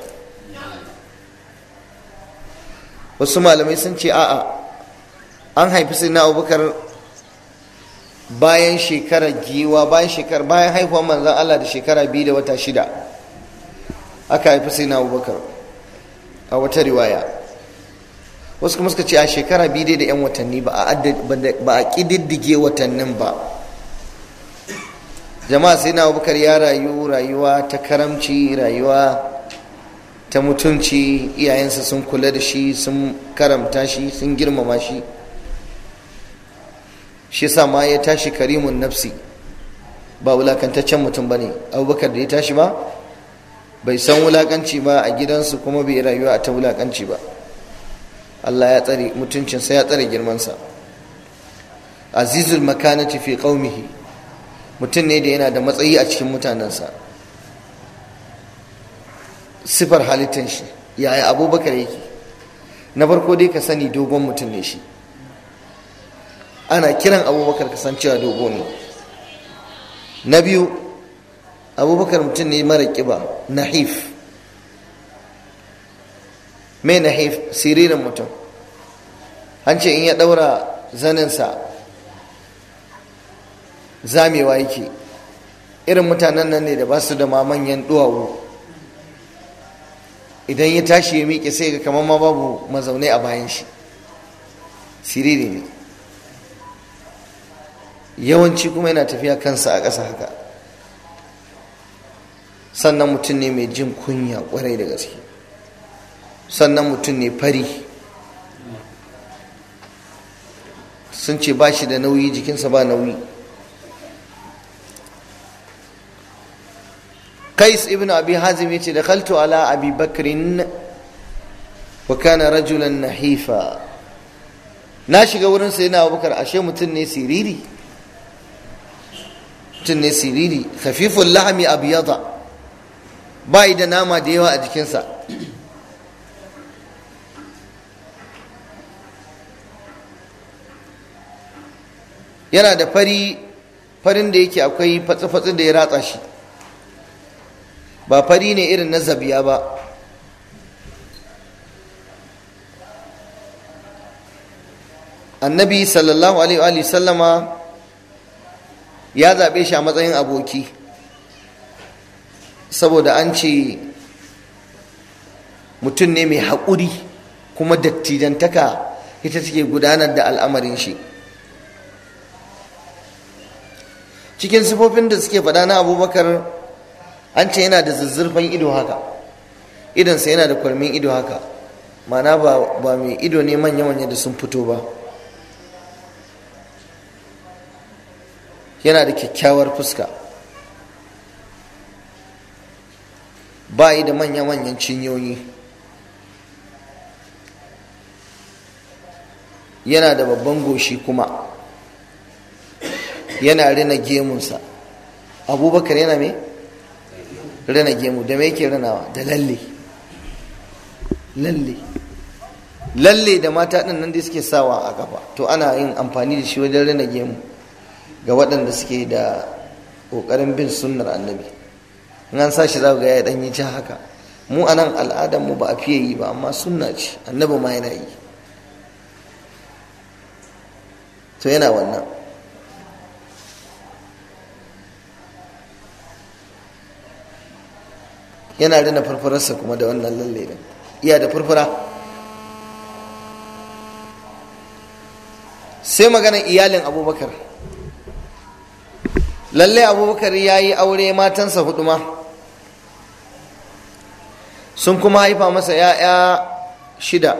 wasu malamai sun ce a'a an haifi sai na Abubakar bayan shekara giwa bayan shekara bayan haihuwar manzan Allah da shekara biyu da wata shida aka haifi sai na Abubakar a wata riwaya wasu kuma suka ce a shekara biyu dai da 'yan watanni ba a kididdige watannin ba jama'a sai na abubakar ya rayu rayuwa ta karamci rayuwa ta mutunci iyayensa sun kula da shi sun karamta shi sun girmama shi shi sa ma ya tashi karimun nafsi ba wulakantaccen mutum ba ne abubakar da ya tashi ba bai san wulakanci ba a gidansu kuma bai rayuwa a ta wulakanci ba Allah ya tsare mutuncinsa ya tsare girmansa azizul makanati fi qaumihi mutum ne da yana da matsayi a cikin mutanensa sifar halittar shi yaya abubakar yake na farko dai ka sani dogon mutum ne shi ana kiran abubakar ka san cewa dogo ne na biyu abubakar mutum ne mara kiba nahif mai na siririn mutum an in ya daura zaninsa zamewa yake irin mutanen nan ne da ba su da mamanyan duwawu idan ya tashi ya miƙe sai ga kamar ma babu mazaune a bayan shi siriri ne yawanci kuma yana tafiya kansa a ƙasa haka sannan mutum ne mai jin kunya kwarai da gaske sannan mutum ne fari sun ce ba shi da nauyi jikinsa ba nauyi kais ibn abi hazim ya ce da kaltu ala abi bakrin wa kana rajulan nahifa na shiga wurin sai na abubakar ashe mutum ne siriri mutum ne siriri khafiful lahami abiyada yi da nama da yawa a jikinsa yana da fari farin da yake akwai fatsi-fatsi da ya ratsa shi ba fari ne irin na zabiya ba annabi sallallahu alaihi sallama ya zaɓe shi a matsayin aboki saboda an ce mutum ne mai haƙuri kuma dattijantaka ita take gudanar da al'amarin shi cikin sifofin da suke faɗa na abubakar an ce yana da zuzzurfan ido haka idonsa yana da kwalmin ido haka mana ba mai ido ne manya-manya da sun fito ba yana da kyakkyawar fuska ba yi da manya-manyan cinyoyi yana da babban goshi kuma yana rina gemunsa abubakar yana me rina gemu da me yake rinawa da lalle lalle lalle da mata ɗin nan da suke sawa a gaba to ana yin amfani da shi wajen rina gemu ga waɗanda suke da ƙoƙarin bin sunnar annabi in an sa shi za ga ya yi. ja haka mu a nan al'adarmu ba a fiye yi ba amma sunna ce annabi ma yana yi to yana wannan yana rina furfurarsa kuma da wannan lalle din iya da furfura sai maganar iyalin abubakar lalle abubakar ya yi aure matansa hudu ma sun kuma haifa masa 'ya'ya shida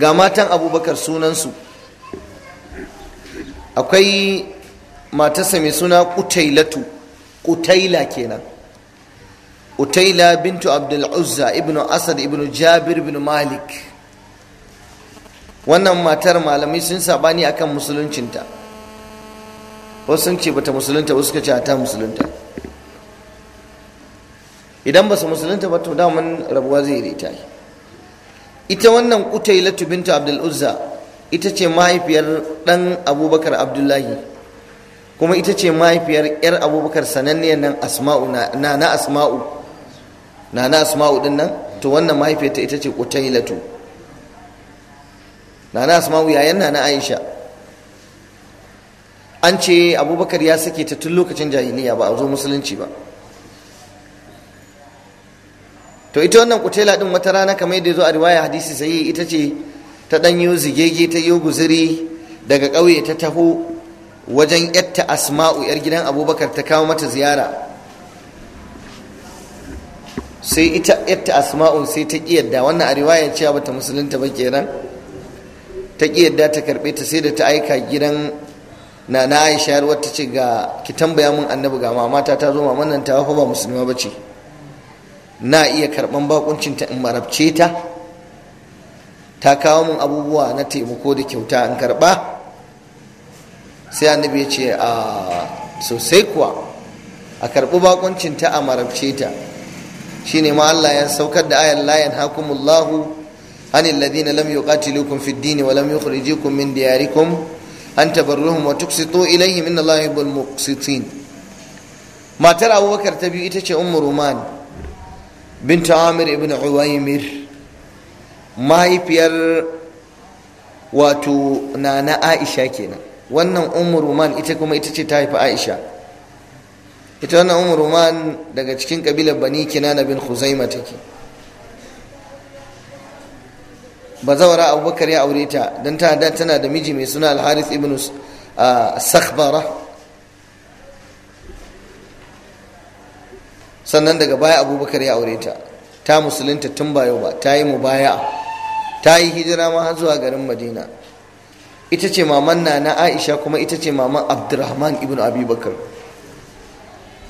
ga matan abubakar sunansu akwai matasa mai suna kutailatu kutaila kenan kutaila bintu abdul uzza ibnu asad ibnu jabir ibn malik wannan matar malamai sun sabani akan musuluncinta wasu sun ce bata musulunta wasu suka ce ta musulunta idan ba su musulunta ba to daman rabuwa zai rita ita wannan kutailatu bintu abdul uzza ita ce mahaifiyar dan abubakar abdullahi kuma ita ce mahaifiyar yar abubakar sananniyar nan asma'u na na asma'u na na asma'u din nan to wannan mahaifiyarta ita ce kutailatu na na asma'u yayan na na aisha an ce abubakar ya sake ta tun lokacin jahiliya ba a zo musulunci ba to ita wannan kutela din wata rana kamar yadda zo a riwaya hadisi sai ita ce ta ɗanyo zigege ta yo guziri daga ƙauye ta taho wajen yatta asma'u yar gidan abubakar ta kawo mata ziyara sai ita yatta asma'u sai ta ƙi yadda wannan a riwaya cewa bata musulunta ba kenan ta ƙi yadda ta karɓe ta sai da ta aika gidan na na aisha yar wata ce ga ki tambaya mun annabi ga mama ta ta zo maman nan ta fa ba musulma bace na iya karban bakuncin ta in marabce ta ta kawo mun abubuwa na taimako da kyauta in karɓa sai annabi ya ce a ah, sosai kuwa a karɓi bakuncin ta a marabce ta shine ma Allah ya saukar da ayan layin hakumullahu anil ladina lam yuqatilukum fid din wa lam yukhrijukum min diyarikum an tabarruhum wa tuqsitu ilayhim inna Allaha yuhibbul muqsitin matar Abubakar ta biyu ita ce Ummu Ruman bint Amir ibn Uwaymir mahaifiyar wato nana Aisha kenan wannan umar roman ita kuma ita ce ta haifi aisha ita wannan umar roman daga cikin kabilar bani kinana bin huzaima take bazawara abubakar ya aure ta don ta hada tana da miji mai suna alharis ibn sakhbara sannan daga baya abubakar ya aure ta ta musulunta tun bayo ba ta yi mubaya ta yi hijira ma har zuwa garin madina ita ce maman na na aisha kuma ita ce maman abdurrahman ibn abubakar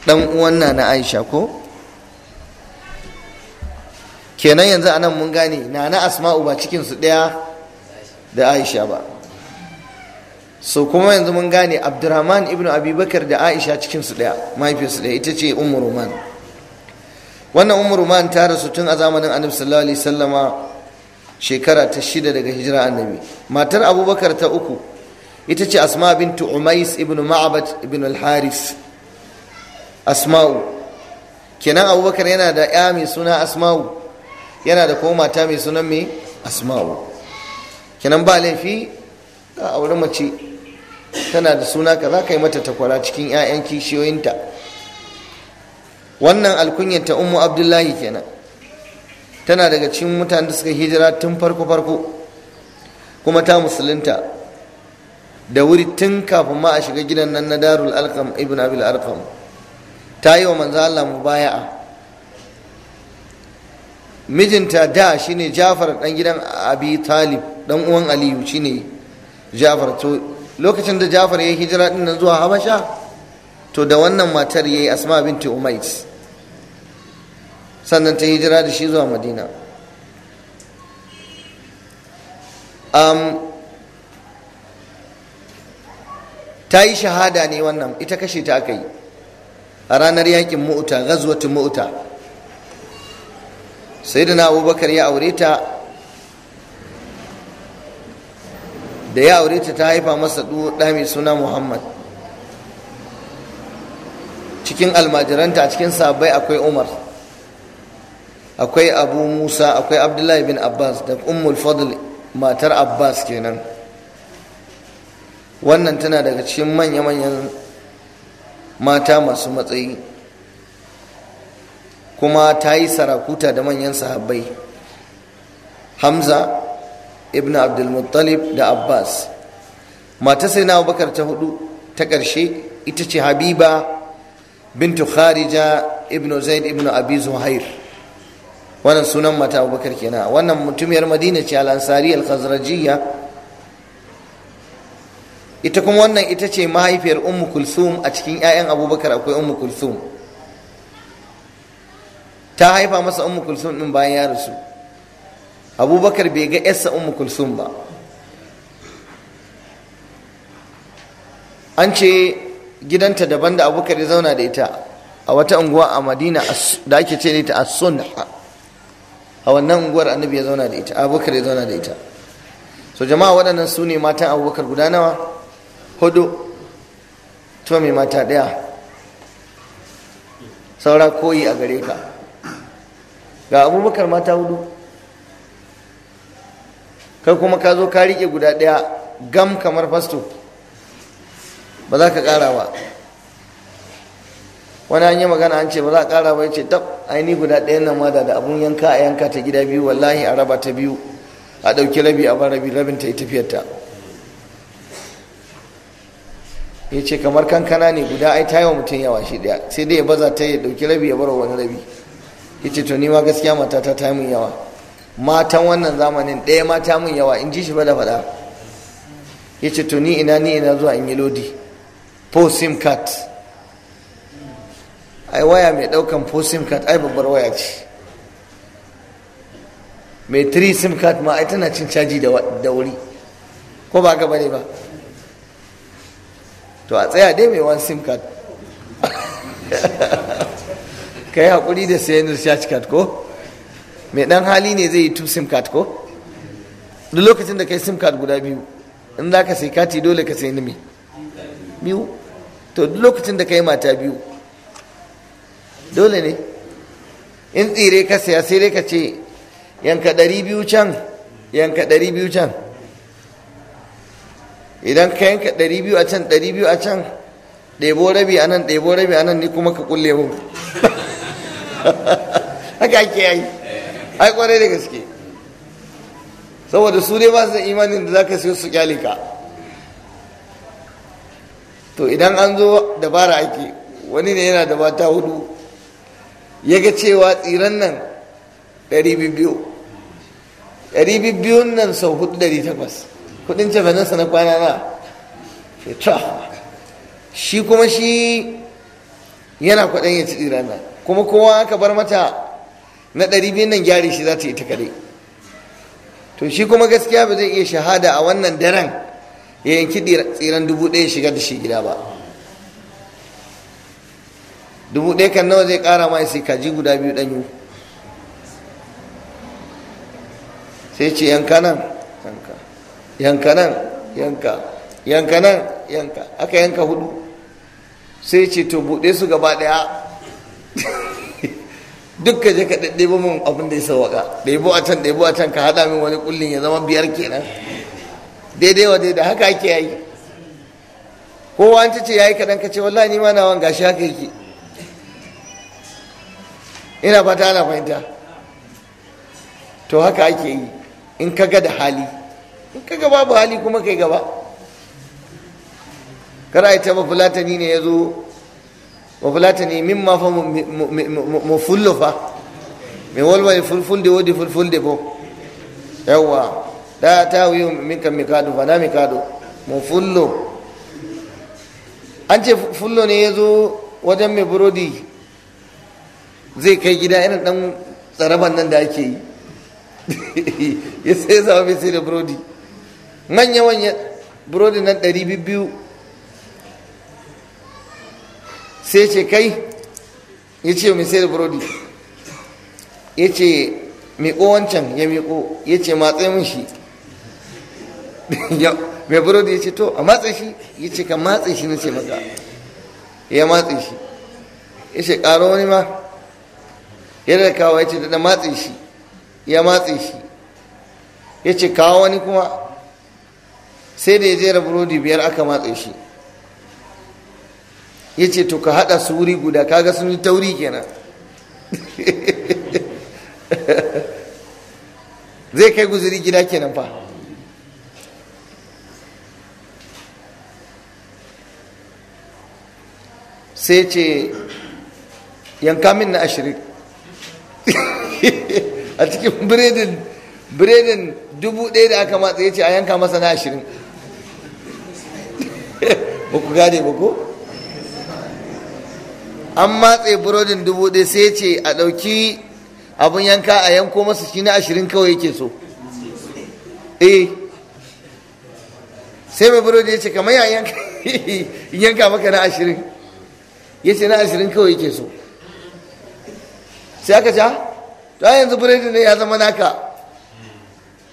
dan uwan na na aisha ko kenan yanzu anan mun gane na na asma'u ba cikinsu ɗaya da aisha ba so kuma yanzu mun gane abdurrahman ibn abubakar da aisha cikinsu ɗaya mahaifinsu ɗaya ita ce umar wannan umar ta rasu tun a zamanin annabi sallallahu alaihi sallama shekara ta shida daga hijira annabi matar abubakar ta uku ita ce asma bintu umais ibn ma'abat ibn al-haris asma'u kenan abubakar yana da ya mai suna asma'u yana da kuma mata mai sunan mai asma'u kenan ba laifi a auri mace tana da suna ka za ka yi mata takwara cikin 'ya'yan kishiyoyinta wannan alkunyar ta ummu abdullahi kenan tana daga cikin mutanen da suka hijira tun farko farko kuma ta musulunta da wuri tun kafin ma a shiga gidan nan na darul alkam ibn abil alkam ta yi wa manzo Allah mubaya'a mijinta da shine Jafar dan gidan Abi Talib dan uwan Aliyu shine Jafar to lokacin da Jafar ya hijira din nan zuwa Habasha to da wannan matar yayi Asma binti Umais sannan ta hijira da shi zuwa madina ta yi shahada ne wannan ita kashe ta aka yi a ranar yakin mu'uta gazwatu mu'uta sai da na abubakar ya aure ta da ya aure ta ta haifa masa ɗa mai suna muhammad cikin almajiranta a cikin sabai akwai umar akwai abu musa akwai abdullahi bin abbas da ummul fadl matar abbas kenan wannan tana daga cikin manya-manyan mata masu matsayi kuma ta yi sarakuta da manyan sahabbai hamza ibn abdulmuttalib da abbas mata sai na bakar ta hudu ta ƙarshe ita ce habiba bintu kharija ibn zaid ibn abi zuhair wannan sunan mata abubakar kenan wannan mutumiyar madina ce al'ansari jiya. al ita kuma wannan ita ce mahaifiyar Umu kulsum a cikin 'ya'yan abubakar akwai ummu kulsum ta haifa masa ummu kulsum din bayan ya rasu abubakar bai ga yarsa ummu kulsum ba an ce gidanta daban da abubakar ya zauna da ita a wata unguwa a madina da ake ce da ita as a wannan unguwar annabi ya zauna da ita abubakar ya zauna da ita so jama'a waɗannan su ne matan abubakar guda nawa hudu to mai mata ɗaya saura koyi a gare ka ga abubakar mata hudu kai kuma ka zo ka riƙe guda ɗaya gam kamar fasto ba za ka ƙara ba wani an yi magana an ce ba za a kara ba ce tab aini guda ɗayan nan mada da abun yanka a yanka ta gida biyu wallahi a raba ta biyu a ɗauki rabi a bar rabi rabin ta yi tafiyar ta ya ce kamar kankana ne guda ai ta yi wa mutum yawa shi ɗaya sai dai ya baza ta ya ɗauki rabi ya bar wani rabi ya ce to ni ma gaskiya matata ta yi min yawa matan wannan zamanin ɗaya ma ta min yawa in ji shi ba da faɗa ya ce to ni ina ni ina zuwa in yi lodi po sim card ai waya mai daukan fo sim card ai babbar waya ce mai 3 sim card ma ai tana cin caji da wuri ko ba gaba ne ba to a tsaya dai mai one sim card ka yi haƙuri da sayan recharge card ko mai ɗan hali ne zai yi two sim card ko duk lokacin da kai sim card guda biyu in za ka sai kati dole ka sai na biyu to duk lokacin da kai mata biyu dole ne in tsire ka saya sai dai ka ce yanka ɗari biyu can yanka ɗari biyu can idan ka yanka ɗari biyu a can ɗari biyu a can ɗebo rabi a nan ɗebo rabi a nan ni kuma ka kulle mu haka ake yi ai kwarai da gaske saboda su dai ba su da imanin da za ka siyo su kyale ka to idan an zo dabara ake wani ne yana da bata hudu ya ga cewa tsiran nan 200,000 nan sau 4,800 kudin sa na kwana na shi kuma shi yana kwaɗan ya ci tsiran nan kuma kowa aka bar mata na 200 nan gyari shi za ta yi ta kare. to shi kuma gaskiya ba zai iya shahada a wannan daren ya yanki tsiran 1,000 shiga da shi gida ba dubu ɗaya kan nawa zai ƙara ma sai kaji guda biyu ɗanyu sai ce yanka nan yanka yanka nan yanka yanka nan yanka aka yanka hudu sai ce to buɗe su gaba ɗaya dukka je ka ɗaɗɗebo min abin da ya sauwaka ɗebo a can ɗebo a can ka haɗa min wani kullin ya zama biyar kenan daidai wa daidai haka ake yi kowa an ce ya yi kaɗan ka ce wallahi ni ma na wanga shi haka yake ina fata ana fahimta to haka ake yi in ka ga da hali in ka gaba babu hali kuma kai gaba kar a yi ta mafulatani ne ya zo mafulatani min ma fa mu fullo fa mai walwale fulfulde wadi da ko. Yawa. da ta kan minka mikado fa na mikado mu fullo an ce fullo ne ya zo wajen mai burodi zai kai gida yana dan tsaraban nan da ake yi ya sai ya samu mai sai da burodi manya manya burodi nan ɗari biyu sai ce kai ya ce mai sai da burodi ya ce miƙo wancan ya miƙo ya ce matsayi mun shi mai burodi ya ce to a matsa shi ya ce ka matsa shi na ce maka ya matsa shi ya ce ƙaro wani ma yana da kawo ya ce da matse shi ya matse shi ya ce kawo wani kuma sai da ya jera burodi biyar aka matse shi ya ce to ka haɗa su wuri guda kaga sun yi tauri kenan zai kai guzuri gida kenan fa sai ce yanka min na ashirin a cikin biredin biredin dubu ɗaya da aka matsa ya ce a yanka masa na ashirin ba ku gane ba ko an matse burodin dubu ɗaya sai ce a ɗauki abin yanka a yanko masa shi na ashirin kawai yake so eh sai mai burodi ya ce kamar yanka maka na ashirin ya ce na ashirin kawai yake so sai aka ca ah, to yanzu biredi ne ya zama naka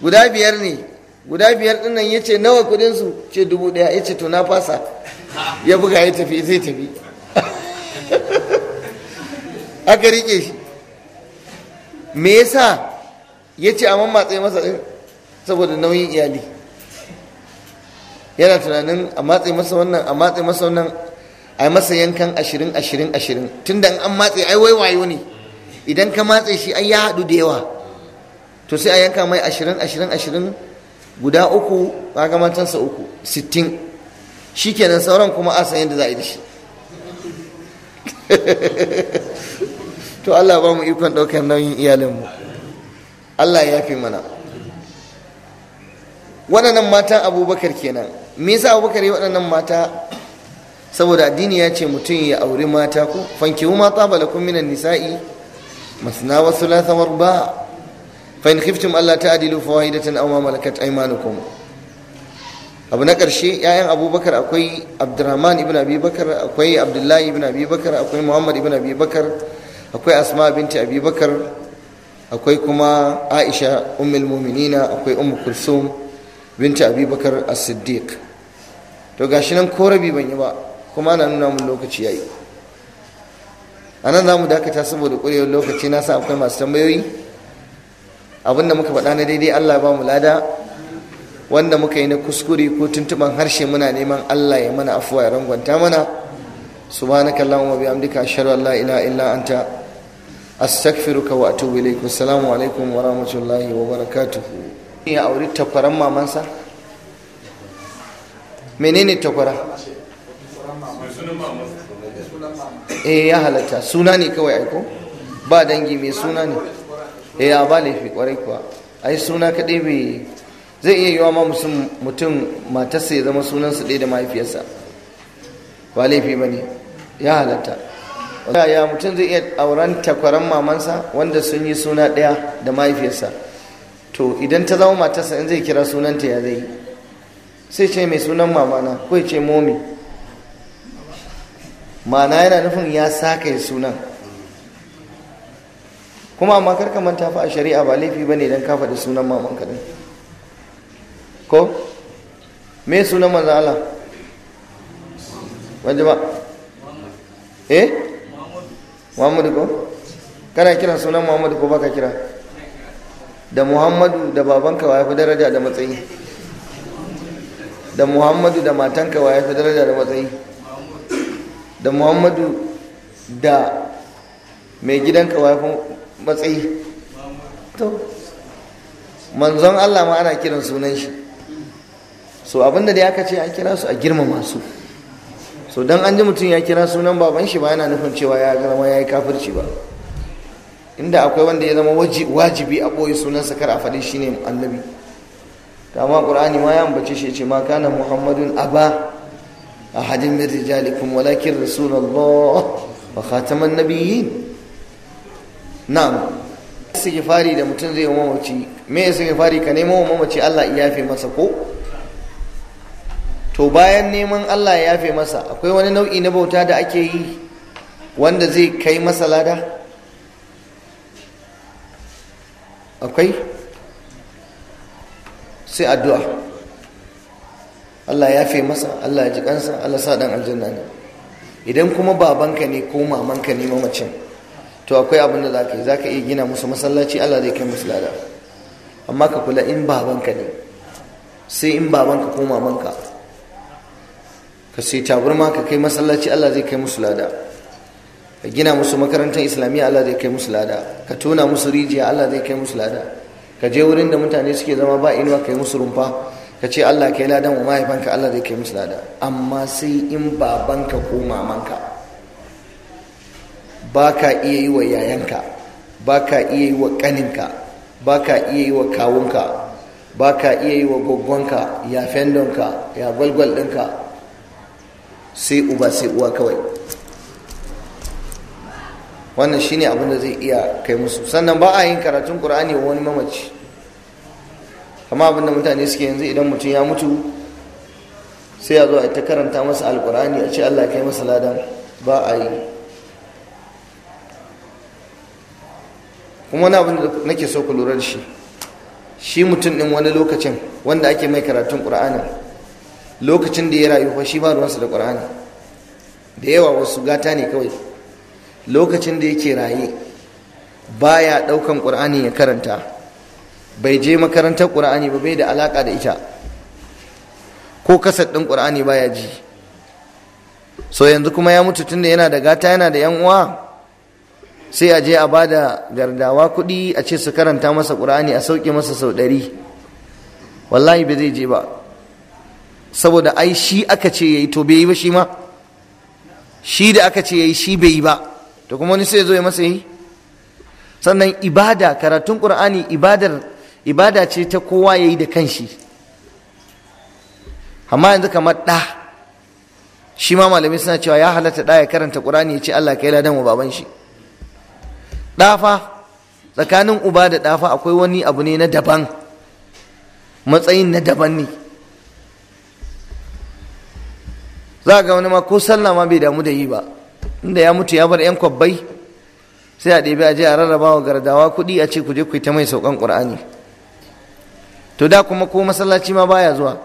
guda biyar ne guda biyar din nan ya ce nawa kudinsu su ce dubu daya? ya ce to na fasa ya buga ya tafi zai tafi aka riƙe shi me yasa ya ce a matsayi masa din saboda nauyin iyali yana tunanin a matse masa wannan a matse masa wannan a masa yankan ashirin ashirin ashirin tunda an matse ai wai wayo ne idan ka matse shi ai ya haɗu da yawa to sai a yanka mai ashirin ashirin ashirin guda uku kaga matansa uku sittin shi kenan sauran kuma a san yadda za a yi da shi to Allah ba mu ikon ɗaukar nauyin iyalinmu Allah ya fi mana waɗannan matan abubakar kenan me yasa abubakar ya waɗannan mata saboda addini ya ce mutum ya auri mata ku. fankihu mata balakun minan nisa'i masna wa thulatha wa ruba fa in khiftum alla ta'dilu fawahidatan aw ma malakat aymanukum abu na karshe yayan abubakar akwai abdurrahman ibn abi bakar akwai abdullahi ibn abi akwai muhammad ibn abi akwai asma binti abi akwai kuma aisha ummul mu'minina akwai ummu kulsum binti abi bakar as to gashi nan ko rabi ban yi ba kuma ana nuna mun lokaci yayi a nan za mu dakata saboda ƙwarewar lokaci na sa akwai masu tambayoyi abinda muka faɗa na daidai allah ba mu lada wanda muka yi na kuskure ko tuntuban harshe muna neman allah ya mana afuwa ya rangwanta mana subhanaka allahumma bihamdika ashhadu an la ilaha illa anta astaghfiruka wa atubu ilaik assalamu alaikum wa rahmatullahi wa barakatuh ya auri takwaran mamansa menene takwara eh ya halatta suna ne kawai aiko ba dangi mai suna ne eh ya ba laifi kwarai kuwa ai suna kaɗai mai zai iya wa ma mutum matarsa ya zama sunansa ɗaya da mahaifiyarsa ba laifi ba ne ya halatta ya mutum zai iya auren takwaran mamansa wanda sun yi suna ɗaya da mahaifiyarsa to idan ta zama matarsa in zai kira sunanta ya zai sai ce mai sunan mamana ko ya ce momi ma'ana yana nufin ya sake sunan kuma amma karka manta fa a shari'a ba laifi bane dan ka faɗi sunan maman ka din ko me sunan manzo Allah wanda ba eh Muhammadu ko kana kira sunan Muhammadu ko baka kira da Muhammadu da babanka wa fi daraja da matsayi da Muhammadu da matanka wa fi daraja da matsayi da muhammadu da mai gidanka wafin matsayi to manzon allah ma ana kiran sunan shi so abinda da aka kace an kira su a girmama su so don an ji mutum ya kira sunan baban shi ba yana nufin cewa ya zama ya yi kafirci ba inda akwai wanda ya zama wajibi a ɓoye sunansa kar a faɗi shine annabi kama ƙur'ani ma ya ambace shi ce ma kana muhammadun aba أحد من رجالكم ولكن رسول الله وخاتم النبيين نعم istighfari da mutum zai mamaci me istighfari ka nemo wa mamaci Allah ya yafe masa ko to bayan neman Allah ya yafe masa akwai wani nau'i na bauta da ake yi wanda zai kai masa lada akwai sai addu'a Allah ya fi masa Allah ya ji kansa Allah sa dan aljanna ne idan kuma babanka ne ko mamanka ne mamacin to akwai abin da zaka yi zaka iya gina musu masallaci Allah zai kai musu lada amma ka kula in babanka ne sai in babanka ko mamanka ka sai taburma ka kai masallaci Allah zai kai musu lada ka gina musu makarantar islamiyya Allah zai kai musu lada ka tona musu rijiya Allah zai kai musu lada ka je wurin da mutane suke zama ba inuwa kai musu rumfa ka ce Allah kai ladan wa mahaifanka Allah zai kai musu lada amma sai in babanka ko mamanka ba ka iya yi wa yayanka ba ka iya yi wa ƙaninka ba ka iya yi wa kawunka ba ka iya yi wa gwaggonka ya fendonka ya gwalgwal ɗinka sai uba sai uwa kawai wannan shine abin da zai iya kai musu sannan ba a yin karatun ƙur'ani wa wani mamaci amma abinda mutane suke yanzu idan mutum ya mutu sai ya zo a ta karanta masa alkur'ani a ce allah kai masa ladan ba a yi kuma wani abin da nake so ku lura da shi shi mutum ɗin wani lokacin wanda ake mai karatun ƙur'anin lokacin da ya rayu fa shi ba ruwansa da ƙur'ani da yawa wasu gata ne kawai lokacin da yake raye baya ɗaukan ƙur'ani ya karanta bai je makarantar ƙur'ani ba bai da alaƙa da ita ko kasar ɗin ƙur'ani ya ji so yanzu kuma ya mutu tunda yana da gata yana da 'yan uwa sai a je a ba da gardawa kuɗi a ce su karanta masa ƙur'ani a sauke masa sau ɗari wallahi ba zai je ba saboda ai shi aka ce ya yi to bai yi ba shi ma shi da aka ce ya yi shi bai yi ba to kuma wani sai zo ya masa yi sannan ibada karatun ƙur'ani ibadar ibada ce ta kowa ya yi da kanshi amma yanzu kamar ɗa shi ma malamai suna cewa ya halatta ɗa ya karanta ƙur'ani ya ce Allah kai ladan wa baban shi ɗafa tsakanin uba da ɗafa akwai wani abu ne na daban matsayin na daban ne za ga wani ma ko sallah ma bai damu da yi ba inda ya mutu ya bar 'yan kwabbai sai a ɗebi a je a rarrabawa gardawa kuɗi a ce ku je ku yi ta mai saukan ƙur'ani to da kuma ko masallaci ma baya zuwa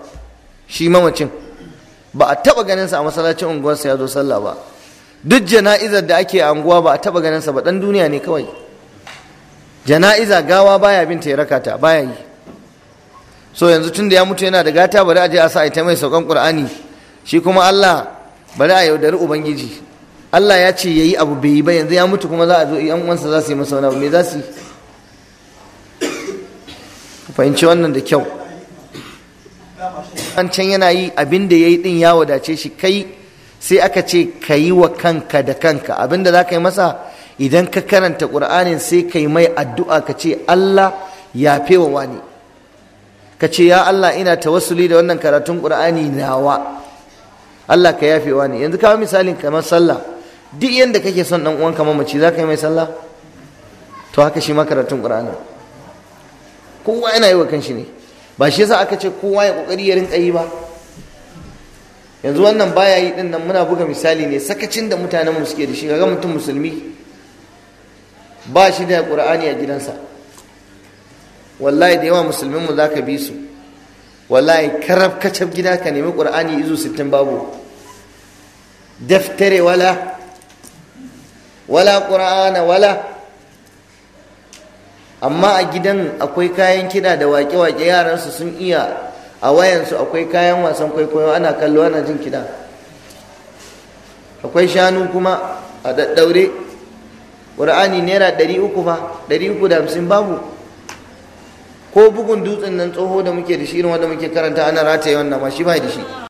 shi mamacin ba a taba ganin sa a masallacin unguwarsa ya zo sallah ba duk jana'izar da ake a unguwa ba a taba ganin sa ba dan duniya ne kawai jana'iza gawa baya bin ya rakata baya yi so yanzu tun da ya mutu yana da gata bari a je a sa ita mai saukan qur'ani shi kuma Allah bari a yaudari ubangiji Allah ya ce yayi abu bai yi ba yanzu ya mutu kuma za a zo yan uwansa za su yi masa wani abu me za su fahimci wannan da kyau can yana yi abin da ya yi din ya wadace shi kai sai aka ce ka yi wa kanka da kanka abin da za ka yi masa idan ka karanta ƙur'anin sai ka yi mai addu'a ka ce allah ya wa wani ka ce ya allah ina tawassuli da wannan karatun ƙur'ani nawa allah ka yafe wani yanzu kawo misalin kamar sallah duk yadda kake son ɗan uwanka mamaci za ka yi mai sallah to haka shi ma karatun ƙur'anin kowa yana yi wa kanshi ne ba shi yasa aka ce kowa ya kokari ya rinka yi ba yanzu wannan baya yi din nan muna buga misali ne sakacin da mutanen mu suke da shi ga mutum musulmi ba shi da qur'ani a gidansa wallahi da yawa musulmin mu zaka bi su wallahi karab kacab gida ka nemi qur'ani izu 60 babu daftare wala wala qur'ana wala amma a gidan akwai kayan kiɗa da waƙe-waƙe yaransu sun iya a wayansu akwai kayan wasan kwaikwayo ana kallo ana jin kiɗa akwai shanu kuma a daddaure ƙur'ani naira ɗari uku fa ɗari babu ko bugun dutsen nan tsoho da muke da shi irin wanda muke karanta ana rataye wannan ma shi ba da shi